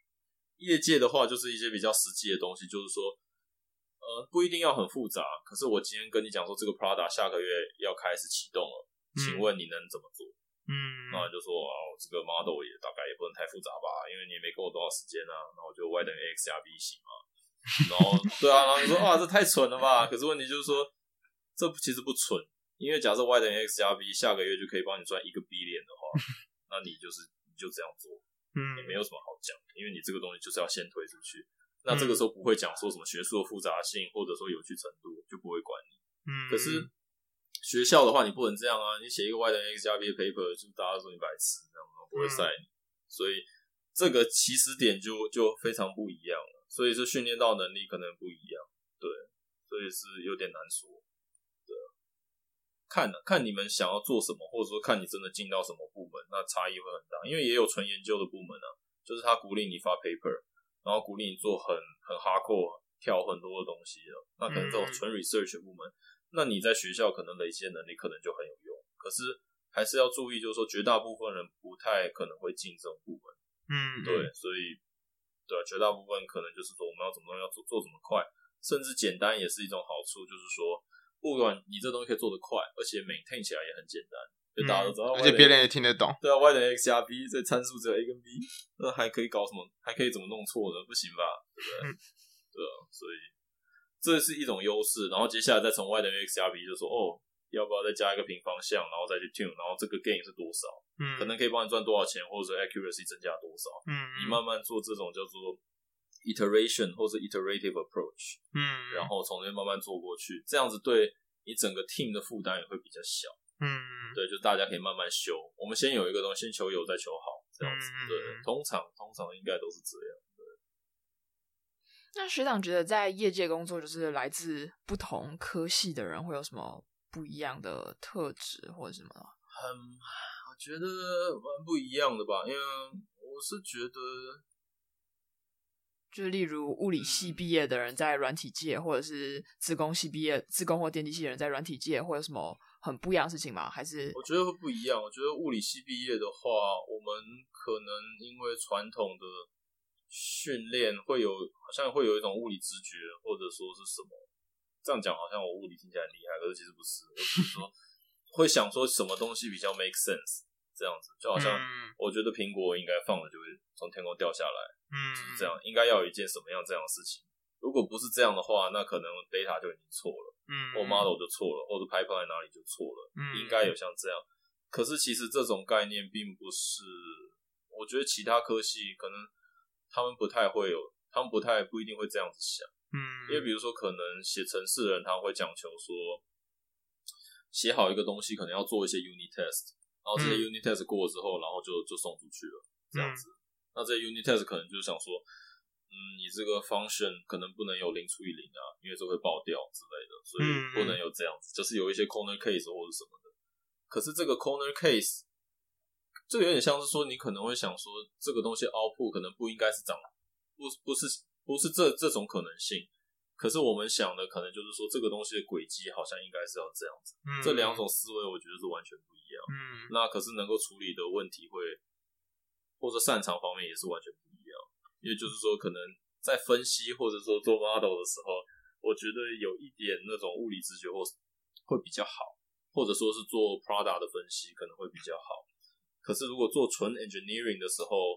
[SPEAKER 2] 業界的話，就是一些比較實際的東西，就是說，呃，不一定要很複雜。可是我今天跟你講說，這個 product 下個月要開始啟動了，請問你能怎麼做？嗯，那就說啊，我這個 model 也大概也不能太複雜吧，因為你也沒給我多少時間啊。然後就 y 等於 x 加 b 行嗎？然後對啊，然後你說啊，這太蠢了吧？可是問題就是說，這其實不蠢，因為假設 y 等於 x 加 b，下個月就可以幫你賺一個 b 錢的話，那你就是你就這樣做。嗯，也沒有什麼好講，因為你這個東西就是要先推出去，那這個時候不會講說什麼學術的複雜性或者說有趣程度，就不會管你。嗯，可是學校的話你不能這樣啊，你寫一個 y 等於 x 加 b 的 paper，就大家都說你白痴，這樣不會曬你。所以這個起始點就就非常不一樣了，所以是訓練到能力可能不一樣，對，所以是有點難說。看看你們想要做什麼，或者說看你真的進到什麼部門，那差異會很大。因為也有純研究的部門呢、啊，就是他鼓勵你發 paper，然後鼓勵你做很很 hardcore，跳很多的東西了。那可能這種純 research 的部門、嗯，那你在學校可能累積的能力可能就很有用。可是還是要注意，就是說絕大部分人不太可能會進這種部門。
[SPEAKER 4] 嗯，對，
[SPEAKER 2] 所以對絕大部分可能就是說我們要怎麼樣要做做怎麼快，甚至簡單也是一種好處，就是說。不管你這東西可以做得快，而且 maintain 起來也很簡單，嗯、就打得準而且別人也聽得懂。對啊，y 等於 x 加 b，這參數只有 a 跟 b，那還可以搞什麼？還可以怎麼弄錯呢？不行吧？
[SPEAKER 4] 對不對？
[SPEAKER 2] [laughs] 對啊，所以這是一種優勢。然後接下來再從 y 等於 x 加 b 就說，哦，要不要再加一個平方項，然後再去 tune，然後這個 gain 是多少？嗯，可能可以幫你賺多少錢，或者說 accuracy 增加多少？嗯，你慢慢做這種叫做。iteration 或者 iterative approach，
[SPEAKER 4] 嗯，然後
[SPEAKER 2] 從那邊慢慢做過去，這樣子對你整個 team 的負擔也會比較小，嗯，對，就大家可以慢慢修。我們先有一個東西，嗯、先求有再求好，
[SPEAKER 4] 這樣子，嗯、對，
[SPEAKER 2] 通常通常應該都是
[SPEAKER 4] 這樣，對。
[SPEAKER 1] 那學長覺得在業界工作，就是來自不同科系的人會有什麼不一樣的特質或者什麼？很、嗯，
[SPEAKER 2] 我覺得蠻不一樣的吧，因為我是覺得。
[SPEAKER 1] 就例如物理系畢業的人在軟體界、嗯，或者是自工系畢業自工或電機系的人在軟體界，或者什麼很不一樣的事情嗎？還是我覺得會不一
[SPEAKER 2] 樣。我覺得物理系畢業的話，我們可能因為傳統的訓練會有，好像會有一種物理直覺，或者說是什麼？這樣講好像我物理聽起來很厲害，可是其實不是。我只是說 [laughs] 會想說什麼東西比較 make sense 這樣子，就好像我覺得蘋果應該放了就會從天空掉下來。嗯、就是，這樣應該要有一件什麼樣這樣的事情。如果不是這樣的話，那可能 data 就已經錯
[SPEAKER 4] 了。嗯，或 model
[SPEAKER 2] 就錯了，或者 pipeline 在哪裡就錯了。嗯，應該有像這樣。可是其實這種概念並不是，我覺得其他科系可能他們不太會有，他們不太不一定會這樣子想。嗯，因為比如說可能寫程式的人他會講求說，寫好一個東西可能要做一些 unit test，然後這些 unit test 過了之後，嗯、然後就就送出去了，這樣子。嗯那在 unit test 可能就是想說，嗯，你這個 function 可能不能有零除以零啊，因為這會爆掉之類的，所以不能有這樣子，就、嗯嗯、是有一些 corner case 或者什麼的。可是這個 corner case 就有點像是說，你可能會想說，這個東西 output 可能不應該是漲，不是不是不是這這種可能性。可是我們想的可能就是說，這個東西的軌跡好像應該是要這樣子。嗯嗯這兩種思維我覺得是完全不一樣。嗯，嗯。那可是能夠處理的問題會。或者擅長方面也是完全不一樣，因為就是說，可能在分析或者說做 model 的時候，我覺得有一點那種物理直覺或會比較好，或者說是做 prada 的分析可能會比較好。可是如果做純 engineering 的時候，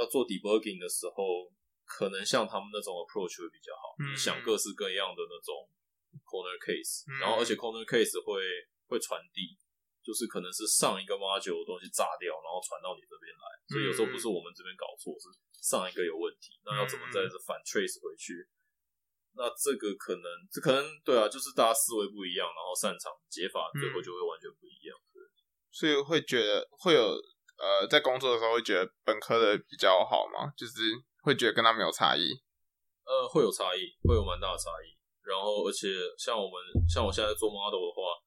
[SPEAKER 2] 要做 debugging 的時候，可能像他們那種 approach 會比較好，嗯、想各式各樣的那種 corner case，嗯、然後而且 corner case 會會傳遞。就是可能是上一個 model 的東西炸掉，然後傳到你這邊來，所以有時候不是我們這邊搞錯，嗯嗯，是上一個有問題。那要怎麼再次反 trace 回去嗯嗯？那這個可能，這可能對啊，就是大家思維不一樣，然後擅長解法，最後就會完全不一樣。嗯、
[SPEAKER 3] 所以會覺得會有呃，在工作的時候會覺得本科的比較好嘛，就是會覺得跟他沒有差異。
[SPEAKER 2] 呃，會有差異，會有蠻大的差異。然後而且像我們，像我現在做 model 的話。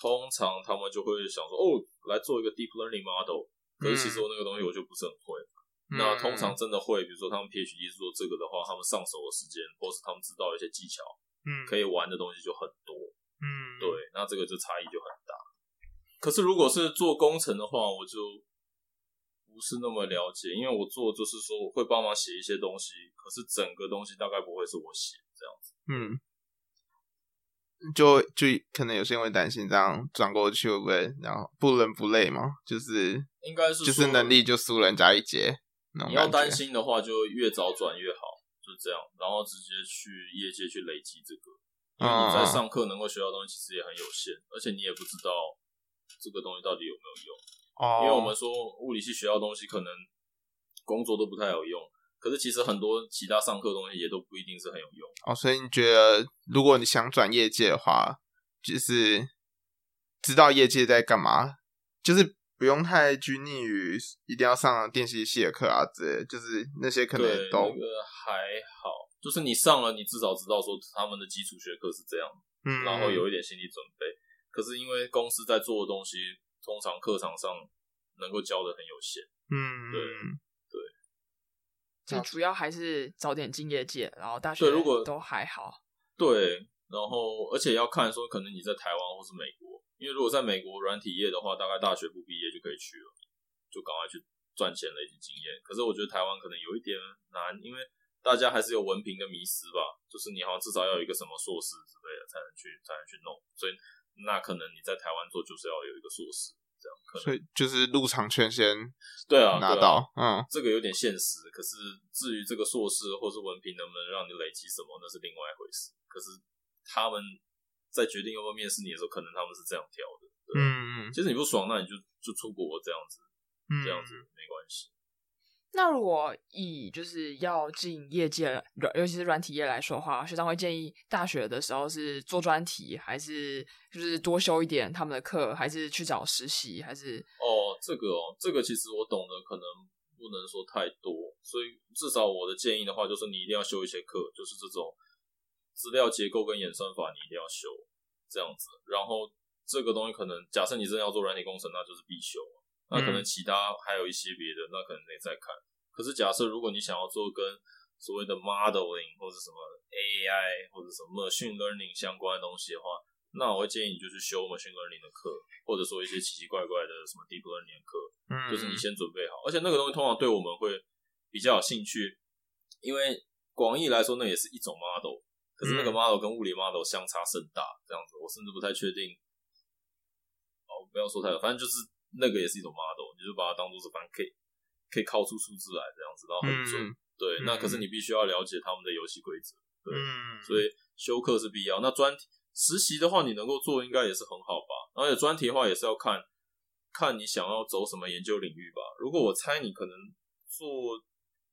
[SPEAKER 2] 通常他們就會想說，哦，來做一個 deep learning model。可是其實我那個東西我就不是很會，嗯。
[SPEAKER 1] 那通常
[SPEAKER 2] 真的會，比如說他們 PhD 做這個的話，他們上手的時間，嗯，或是他們知道一些技巧，嗯，可以玩的東西就很多，嗯，對。那這個就差異就很大。可是如果是做工程的話，我就不是那麼了解，因為我做的就是說我會幫忙寫一些東西，可是整個東西大概不會是我寫這樣子，嗯。
[SPEAKER 3] 就就可能有些人會擔心，這樣轉過去會不會，然後不倫不類嘛，就是應該是就是能力就輸人家一截。你要擔
[SPEAKER 2] 心的話，就越早轉越好，就這樣。然後直接去業界去累積這個，因為你在上課能夠學到東西其實也很有限，嗯，而且你也不知道這個東西到底有沒有用。哦，因為我們說物理系學到東西可能工作都不太有用。可是其實很多其他上課的東西也都不一定是很有用
[SPEAKER 3] 哦。所以你覺得，如果你想轉業界的話，就是知道業界在幹嘛，就是不用太拘泥於一定要上電機系的課啊之類。就是那些可能都、那個、
[SPEAKER 2] 還好，就是你上了，你至少知道說他們的基礎學科是這樣，
[SPEAKER 3] 嗯，然後有一
[SPEAKER 2] 點心理準備。可是因為公司在做的東西，通常課程上能夠教的很有限，嗯，
[SPEAKER 4] 對。
[SPEAKER 1] 就主要還是早點進業界，然後大學如果都還好，對，
[SPEAKER 2] 對然後而且要看說，可能你在台灣或是美國，因為如果在美國軟體業的話，大概大學不畢業就可以去了，就趕快去賺錢累積經驗。可是我覺得台灣可能有一點難，因為大家還是有文憑跟迷思吧，就是你好像至少要有一個什麼碩士之類的才能去才能去弄，所以那可能你在台灣做就是要有一個碩士。這
[SPEAKER 3] 樣，所以就是入場券先對啊拿到。啊，嗯，這
[SPEAKER 2] 個有點現實。可是至於這個碩士或是文憑能不能讓你累積什麼，那是另外一回事。可是他們在決定要不要面試你的時候，可能他們是這樣挑的。
[SPEAKER 1] 嗯嗯，其
[SPEAKER 2] 實你不爽，那你就就出國這樣子，嗯、這樣子沒關係。
[SPEAKER 1] 那如果以就是要進業界，尤其是軟體業來說的話，學長會建議大學的時候是做專題，還是就是多修一點他們的課，還是去找實習，還是？
[SPEAKER 2] 哦，這個哦，這個其實我懂的可能不能說太多，所以至少我的建議的話，就是你一定要修一些課，就是這種資料結構跟演算法你一定要修這樣子。然後這個東西可能假設你真的要做軟體工程，那就是必修啊。那可能其他還有一些別的，那可能得再看。可是假設如果你想要做跟所謂的 modeling 或是什麼 AI 或是什麼 machine learning 相關的東西的話，那我會建議你就去修 machine learning 的課，或者說一些奇奇怪怪的什麼 deep learning 課，嗯，嗯，就是你先準備好。而且那個東西通常對我們會比較有興趣，因為廣義來說，那也是一種 model。可是那個 model 跟物理 model 相差甚大，嗯，這樣子我甚至不太確定。哦，不要說太多，反正就是。那個也是一種 model，你就把它當做是凡可以可以靠出數字來這樣子，然後很準。嗯、對、嗯，那可是你必須要了解他們的遊戲規則。
[SPEAKER 4] 對，嗯、所以
[SPEAKER 2] 修課是必要。那專題實習的話，你能夠做應該也是很好吧？而且專題的話也是要看看你想要走什麼研究領域吧。如果我猜，你可能做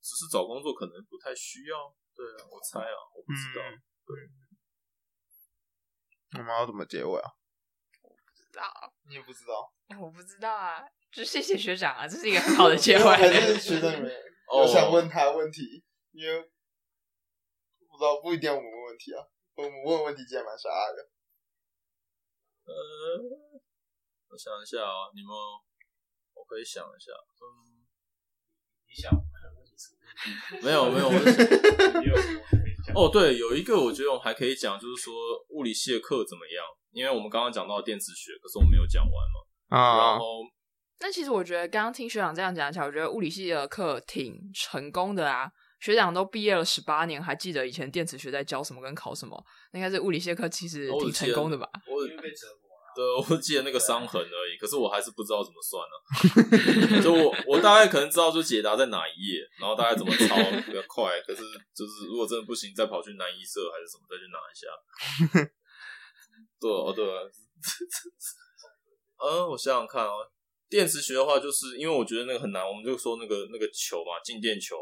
[SPEAKER 2] 只是找
[SPEAKER 3] 工作，可能
[SPEAKER 4] 不太需要。對啊，我
[SPEAKER 2] 猜啊，我不知道。
[SPEAKER 4] 嗯、對，
[SPEAKER 3] 我們要怎麼結尾啊？
[SPEAKER 1] 你也不知道，我不知道啊。就謝謝學長啊，這是一個很好的結尾。我、 [laughs] oh. 想問
[SPEAKER 3] 他問題，因為我不知道不一定我問問題啊，問問問題十二個、
[SPEAKER 4] 呃。我想一下啊，你們，我可以想一下。嗯，你想問什麼問題？沒有 [laughs] 沒有，哦對，
[SPEAKER 2] 有一個我覺得我們還可以講，就是說物理系的課怎麼樣。因為我們剛剛講到電磁學，可是我們沒有講完嘛。啊、oh.，然
[SPEAKER 4] 後
[SPEAKER 1] 那其實我覺得剛剛聽學長這樣講一下，我覺得物理系的課挺成功的啊。學長都畢業了十八年，還記得以前電磁學在教什麼跟考什麼，那應該是物理系的課其實挺成功的吧？我因為被
[SPEAKER 2] 折磨對，我記得那個傷痕而已。可是我還是不知道怎麼算呢、啊。 [laughs] 就我我大概可能知道，就解答在哪一頁，然後大概怎麼抄比較快。 [laughs] 可是就是如果真的不行，再跑去南一社還是什麼，再去拿一下。 [laughs] 對哦、啊，對啊，呃、 [laughs] 嗯，我想想看啊，電磁學的話，就是因為我覺得那個很難，我們就說那個那個球嘛，靜電球。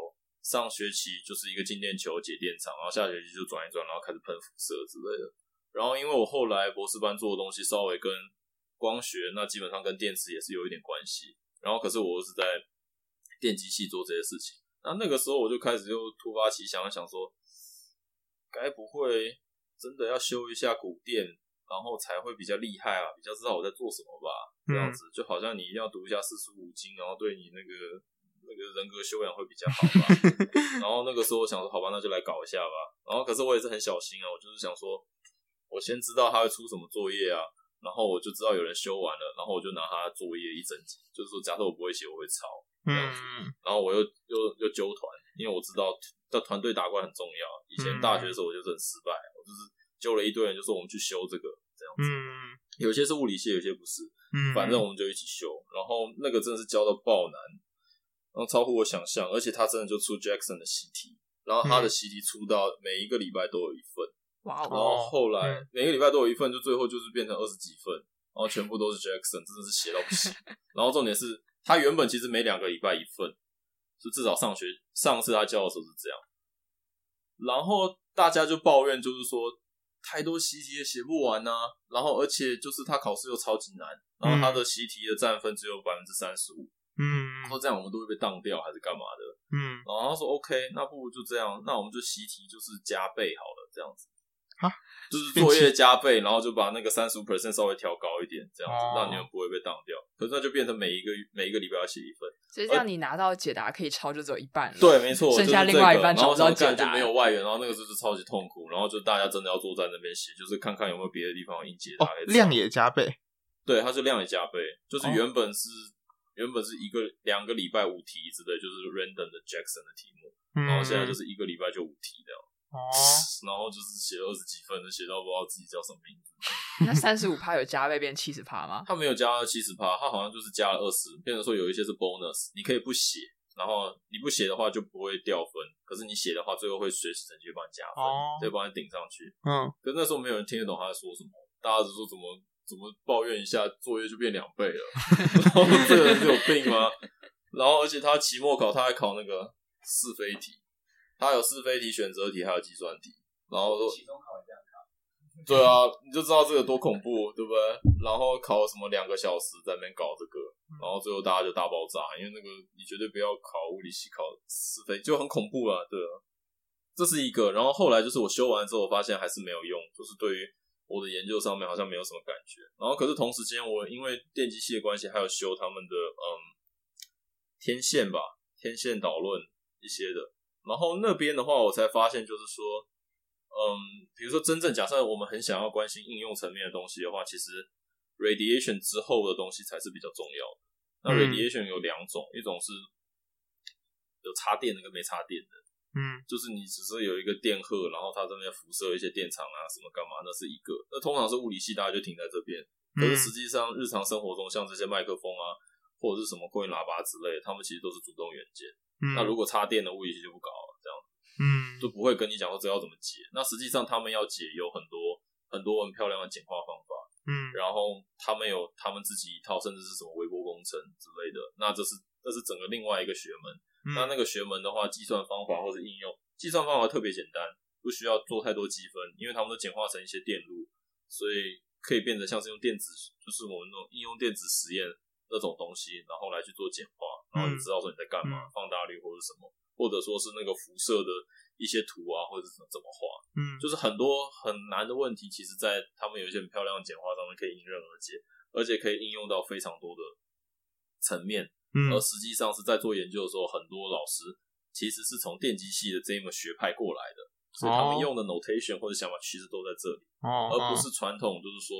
[SPEAKER 2] 上學期就是一個靜電球解電場，然後下學期就轉一轉，然後開始噴輻射之類的。然後因為我後來博士班做的東西稍微跟光學，那基本上跟電磁也是有一點關係。然後可是我是在電機系做這些事情，那那個時候我就開始又突發奇想，想說，該不會真的要修一下古電？然後才會比較厲害啊，比較知道我在做什麼吧，嗯、這樣子就好像你一定要讀一下四書五經，然後對你那個那個人格修養會比較好吧。 [laughs] 然後那個時候我想說，好吧，那就來搞一下吧。然後可是我也是很小心啊，我就是想說，我先知道他會出什麼作業啊，然後我就知道有人修完了，然後我就拿他作業一整集，就是說假設我不會寫，我會抄。嗯、然後我又又又揪團，因為我知道在團隊打怪很重要。以前大學的時候我就是很失敗，嗯、我就是。救了一堆人，就說我們去修這個，這樣
[SPEAKER 4] 子。
[SPEAKER 2] 嗯，有些是物理系，有些不是。嗯，反正我們就一起修。然後那個真的是教到爆難，然後超乎我想象。而且他真的就出 Jackson 的習題，
[SPEAKER 4] 然後他的習
[SPEAKER 2] 題出到每一個禮拜、嗯、都有一份。
[SPEAKER 4] 哇哦！然後後來
[SPEAKER 2] 每一個禮拜都有一份，就最後就是變成二十幾份，然後全部都是 Jackson，真的是寫到不行。 [laughs] 然後重點是他原本其實每兩個禮拜一份，就至少上學上次他教的時候是這樣。然後大家就抱怨，就是說。太多習題也寫不完呢，啊，然後而且就是他考試又超級難，然後他的習題的占分只有百分之三十五，嗯，說這樣我們都會被當掉還是幹嘛的，嗯，然後他說 OK，那不如就這樣，那我們就習題就是加倍好了，這樣子。就是作業加倍，然後就把那個三十五 percent 稍微調高一點，這樣子、oh. 讓你們不會被擋掉。可是那就變成每一個月、每一個禮拜要寫一份，
[SPEAKER 1] 所以讓你拿到解答可以抄就走一半了。對，沒錯、就是這個，剩下另外一半
[SPEAKER 2] 抄。然後這樣就沒有外援，然後那個就是超級痛苦，然後就大家真的要坐在那邊寫，就是看看有沒有別的地方有印解答、哦。量也加倍，對，它是量也加倍，就是原本是、oh. 原本是一個兩個禮拜五題之類就是 Random 的 Jackson 的題目，嗯、然後現在就是一個禮拜就五題這樣。哦、oh.，然後就是寫了二十幾分，寫到不知道自己
[SPEAKER 1] 叫什麼名字。 [laughs] 那三十五趴有加倍變七十趴嗎？ [laughs]
[SPEAKER 2] 他沒有加到七十趴，他好像就是加了二十，變成說有一些是 bonus，你可以不寫，然後你不寫的話就不會掉分，可是你寫的話最後會學習成績幫你加分，就、oh. 幫你頂上去。
[SPEAKER 4] 嗯、
[SPEAKER 2] oh.，可那時候沒有人聽得懂他在說什麼，大家只說怎麼怎麼抱怨一下作業就變兩倍了， [laughs] [laughs] 然後這個人是有病嗎？然後而且他期末考他還考那個是非題。他有是非題、選擇題，還有計算題，然後說，
[SPEAKER 4] 期
[SPEAKER 2] 中考，考對啊，你就知道這個多恐怖，對不對？然後考什麼兩個小時在那邊搞這個，嗯，然後最後大家就大爆炸，因為那個你絕對不要考物理系考飛，考是非就很恐怖啊，對啊，這是一個。然後後來就是我修完之後，我發現還是沒有用，就是對於我的研究上面好像沒有什麼感覺。然後可是同時間，我因為電機系的關係，還有修他們的嗯，天線吧，天線導論一些的。然後那邊的話，我才發現就是說，嗯，比如說真正假設我們很想要關心應用層面的東西的話，其實 radiation 之後的東西才是比較重要的。
[SPEAKER 1] 那 radiation
[SPEAKER 2] 有兩種，一種是有插電的跟沒插電的，嗯，就是你只是有一個電荷，然後它這邊輻射一些電場啊，什麼幹嘛，那是一個。那通常是物理系大家就停在這邊，可是實際上日常生活中像這些麥克風啊，或者是什麼擴音喇叭之類，他們其實都是主動元件。嗯、那如果插電的物理系就不搞了這樣子，嗯，都不會跟你講說這要怎麼解。那實際上他們要解有很多很多很漂亮的簡化方法，嗯，然後他們有他們自己一套，甚至是什麼微波工程之類的。那這是這是整個另外一個學門。嗯、那那個學門的話，計算方法或者應用計算方法特別簡單，不需要做太多積分，因為他們都簡化成一些電路，所以可以變得像是用電子，就是我們那種應用電子實驗。那種東西，然後來去做簡化，然後你知道說你在幹嘛，嗯嗯，放大率或者什麼，或者說是那個輻射的一些圖啊，或者怎麼怎麼畫，嗯，就是很多很難的問題，其實在他們有一些很漂亮的簡化上面可以迎刃而解，而且可以應用到非常多的層面。嗯，而實際上是在做研究的時候，很多老師其實是從電機系的這一門學派過來的，所以他們用的 notation 或者想法其實都在這裡，哦，哦，哦，而不是傳統就是說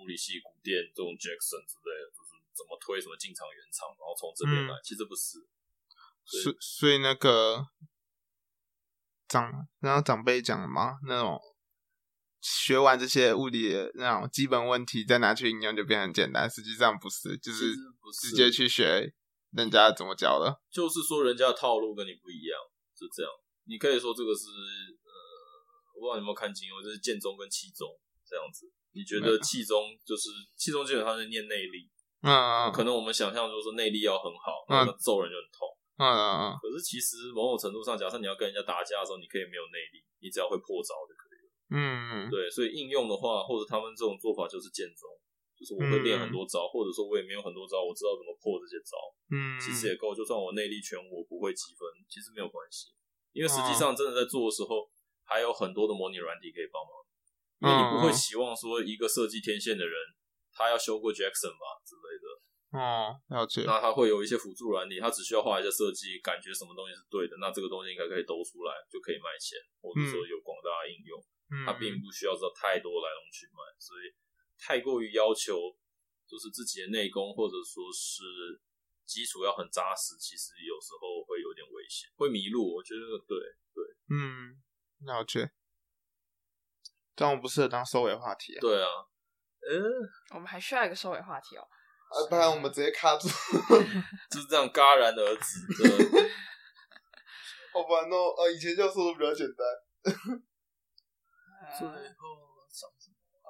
[SPEAKER 2] 物理系古電這種 Jackson 之類的。怎麼推什麼近場，遠場，然後從這邊來、嗯？其實不是，
[SPEAKER 3] 所以所以那個長，然後長輩講的嘛，那種學完這些物理的那種基本問題，再拿去應用就變很簡單。實際上不是，就是，是直接去學人家怎麼教的。
[SPEAKER 2] 就是說人家的套路跟你不一樣，就這樣。你可以說這個是呃，我不知道有沒有看清楚，我就是劍宗跟氣宗這樣子。你覺得氣宗就是氣宗，基本上是練內力。啊，可能我們想象就是說內力要很好，那揍人就很痛。
[SPEAKER 4] 啊、嗯嗯嗯嗯，
[SPEAKER 2] 可是其實某種程度上，假設你要跟人家打架的時候，你可以沒有內力，你只要會破招就可以
[SPEAKER 4] 了。嗯嗯。
[SPEAKER 2] 對，所以應用的話，或者他們這種做法就是劍宗，就是我會練很多招、嗯，或者說我也沒有很多招，我知道怎麼破這些招。嗯，其實也夠，就算我內力全無，我不會積分，其實沒有關係，因為實際上真的在做的時候，嗯、還有很多的模擬軟體可以幫忙。因為你不會希望說一個設計天線的人。他要修過 Jackson 嘛之類的，哦，要去。那他會有一些輔助軟體，他只需要畫一下設計，感覺什麼東西是對的，那這個東西應該可以兜出來，就可以賣錢，或者說有廣大應用。嗯，他並不需要知道太多來龍去脈，嗯，所以太過於要求就是自己的內功，或者說是基礎要很扎實，其實有時候會有點危險，會迷路。我
[SPEAKER 4] 覺得對對，
[SPEAKER 3] 嗯，要去，這樣不適合當收尾話題啊。對啊。
[SPEAKER 1] 呃、嗯，我們還需要一個收尾話題哦、喔。啊，不然我們直接卡住， [laughs] 就是這樣戛然而止 [laughs] 好
[SPEAKER 3] 吧、喔，那、啊、呃，以前就說得都比較簡單。嗯、
[SPEAKER 4] 最後想，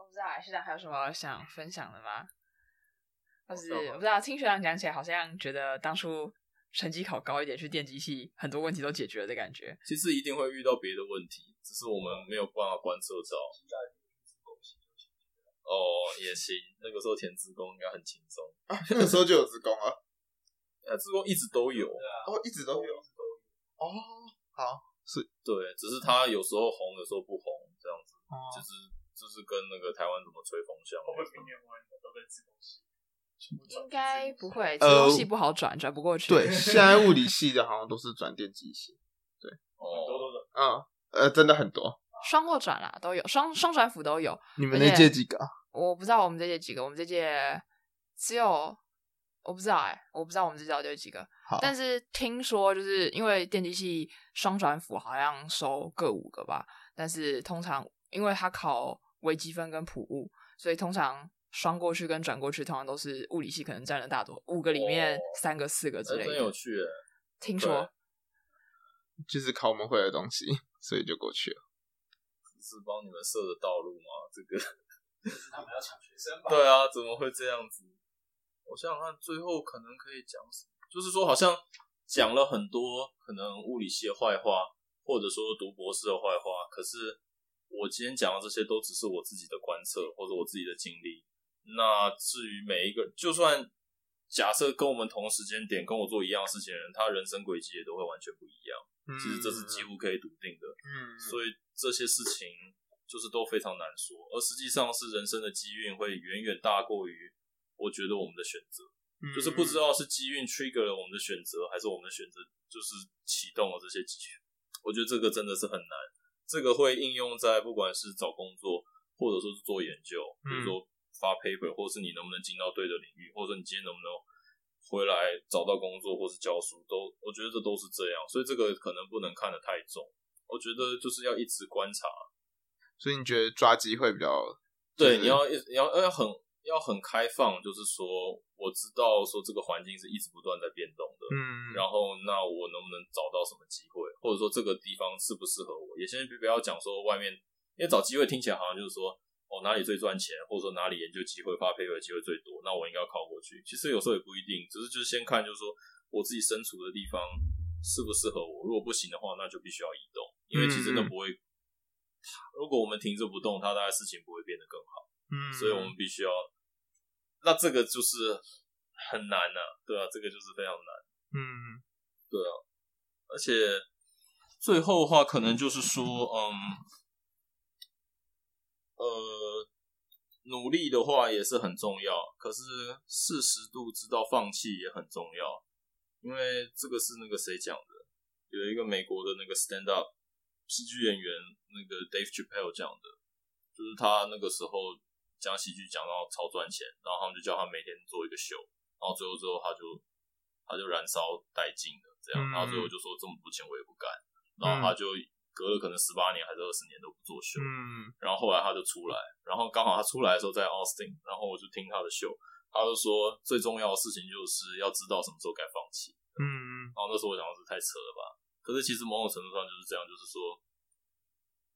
[SPEAKER 1] 我不知道學長還有什麼想分享的嗎？就是我不知道聽學長講起來，好像覺得當初成績考高一點去電機系，很多問題都解決了的感覺。
[SPEAKER 2] 其實一定會遇到別的問題，只是我們沒有辦法觀測到。哦，也行，那個時候填資工應該很輕鬆 [laughs] 啊。那個時候就有資工 [laughs] 啊，那資工一直都有，啊、哦、啊，一直都有，
[SPEAKER 4] 哦，好，
[SPEAKER 2] 是，對，只是他有時候紅，有時候不紅，這樣子，就是就是跟那個台灣怎麼吹風向。不
[SPEAKER 1] 應該不會，資工系不好轉，轉、呃、不過去。對， [laughs] 現在物理
[SPEAKER 3] 系的好像都是轉電機系的，對，哦，多都、啊、呃，真的很多。
[SPEAKER 1] 雙過轉啦，都有，雙雙轉輔都有。你們那屆幾個、啊？我不知道我們這屆幾個，我們這屆只有我不知道哎，我不知道我們這少就有幾個這屆有幾個。好。但是聽說就是因為電機系雙轉輔好像收各五個吧，但是通常因為他考微積分跟普物，所以通常雙過去跟轉過去通常都是物理系可能佔了大多，五個裡面、哦、三個四個之類的。很有趣，聽說
[SPEAKER 3] 就是考我們會的東西，所以就過去了。
[SPEAKER 2] 是幫你們設的道路嗎？這個，是
[SPEAKER 4] 他們要搶學生吧？ [laughs]
[SPEAKER 2] 對啊，怎麼會這樣子？
[SPEAKER 4] 我想想看，最後可能可以講，
[SPEAKER 2] 就是說好像講了很多
[SPEAKER 4] 可能物理
[SPEAKER 2] 系的壞話，或者說讀博士的壞話。可是我今天講的這些都只是我自己的觀測或者我自己的經歷。那至於每一個，就算假設跟我們同時間點跟我做一樣的事情的人，他人生軌跡也都會完全不一樣。其實這是幾乎可以篤定的，嗯嗯，嗯，所以這些事情就是都非常難說。而實際上是人生的機運會遠遠大過於我覺得我們的選擇。嗯，就是不知道是機運 trigger 了我們的選擇，還是我們的選擇就是啟動了這些機緣。我覺得這個真的是很難，這個會應用在不管是找工作，或者說是做研究，比如說發 paper，或是你能不能進到對的領域，或者說你今天能不能。回來找到工作或是教書，都我覺得這都是這樣，所以這個可能不能看得太重。我覺得就是要一直觀察，
[SPEAKER 3] 所以你覺得抓機會比較、就是、對？你要一
[SPEAKER 2] 你要要很要很開放，就是說我知道說這個環境是一直不斷在變動的，嗯，然後那我能不能找到什麼機會，或者說這個地方適不適合我？也先不要講說外面，因為找機會聽起來好像就是說。哦，哪裡最賺錢，或者說哪裡研究機會、發 paper 的機會最多，那我應該要靠過去。其實有時候也不一定，只是就先看，就是說我自己身處的地方適不適合我。如果不行的話，那就必須要移動，因為其實都不會、嗯。如果我們停着不動，它大概事情不會變得更好。嗯，所以我們必須要。那這個就是很難啊，對啊，這個就是非常難。嗯，對啊，而且最後的話，可能就是說，嗯。呃，努力的話也是很重要，可是適時度知道放棄也很重要，因為這個是那個誰講的？有一個美國的那個 stand up，喜劇演員那個 Dave Chappelle 講的，就是他那個時候將喜劇講到超賺錢，然後他們就叫他每天做一個秀，然後最後最後他就他就燃燒殆盡了，這樣，然後最後就說這麼多錢我也不幹，
[SPEAKER 4] 然後他就。
[SPEAKER 2] 隔了可能十八年還是二十年都不做秀，嗯，然後後來他就出來，然後剛好他出來的時候在 Austin，然後我就聽他的秀，他就說，最重要的事情就是要知道什麼時候該放棄，
[SPEAKER 4] 嗯，
[SPEAKER 2] 然後那時候我想的是太扯了吧，可是其實某種程度上就是這樣，就是說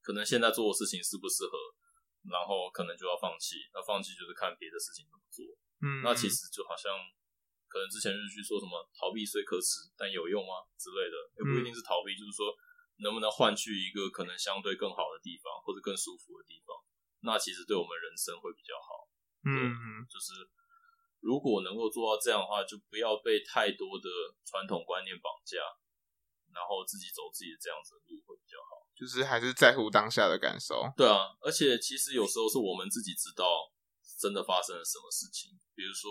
[SPEAKER 2] 可能現在做的事情適不適合，然後可能就要放棄，那放棄就是看別的事情怎麼做，嗯，
[SPEAKER 4] 那其實
[SPEAKER 2] 就好像可能之前日劇說什麼逃避雖可恥但有用嗎、啊、之類的，也不一定是逃避，就是說。能不能換去一個可能相對更好的地方，或者更舒服的地方？那其實對我們人生會比較好。
[SPEAKER 4] 嗯嗯，就
[SPEAKER 2] 是如果能夠做到這樣的話，就不要被太多的傳統觀念綁架，然後自己走自己的這樣子的路會比較好。
[SPEAKER 3] 就是還是在乎當下的感受。對啊，
[SPEAKER 2] 而且其實有時候是我們自己知道真的發生了什麼事情，比如說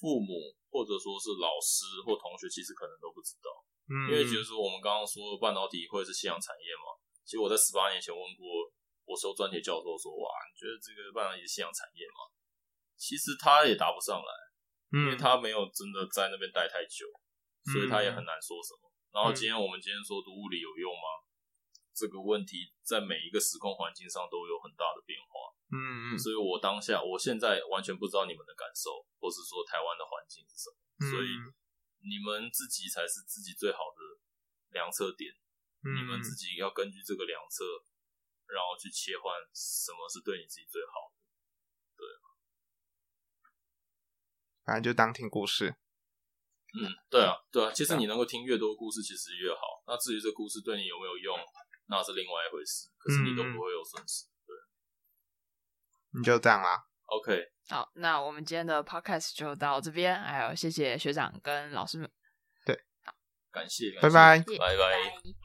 [SPEAKER 2] 父母或者說是老師或同學，其實可能都不知道。嗯、因為就是說我們剛剛說的半導體會是夕陽產業嘛，其實我在十八年前問過我收專題教授說，哇，你覺得這個半導體是夕陽產業嗎？其實他也答不上來，
[SPEAKER 4] 嗯、因為
[SPEAKER 2] 他沒有真的在那邊待太久，
[SPEAKER 4] 所以他也很
[SPEAKER 2] 難說什麼、嗯。然後今天我們今天說讀物理有用嗎、嗯？這個問題在每一個時空環境上都有很大的變化。嗯，所以我當下我現在完全不知道你們的感受，或是說台灣的環境是什麼，嗯、所以。你們自己才是自己最好的量測
[SPEAKER 3] 點。
[SPEAKER 2] 嗯，你們自己要根據這個量測，然後去切換什麼是對你自己最好的。對，
[SPEAKER 3] 反正就當聽故事。嗯，
[SPEAKER 2] 對啊，對啊，其實你能夠聽越多的故事，其實越好。那至於這故事對你有沒有用，那是另外一回事。可是你都不會有損失。嗯，對，
[SPEAKER 3] 你就這樣啦、啊。OK，
[SPEAKER 1] 好，那我們今天的 Podcast 就到這邊，還有謝謝學長跟老師們，
[SPEAKER 3] 對，好，
[SPEAKER 4] 感謝，感謝，拜拜，拜拜。拜拜。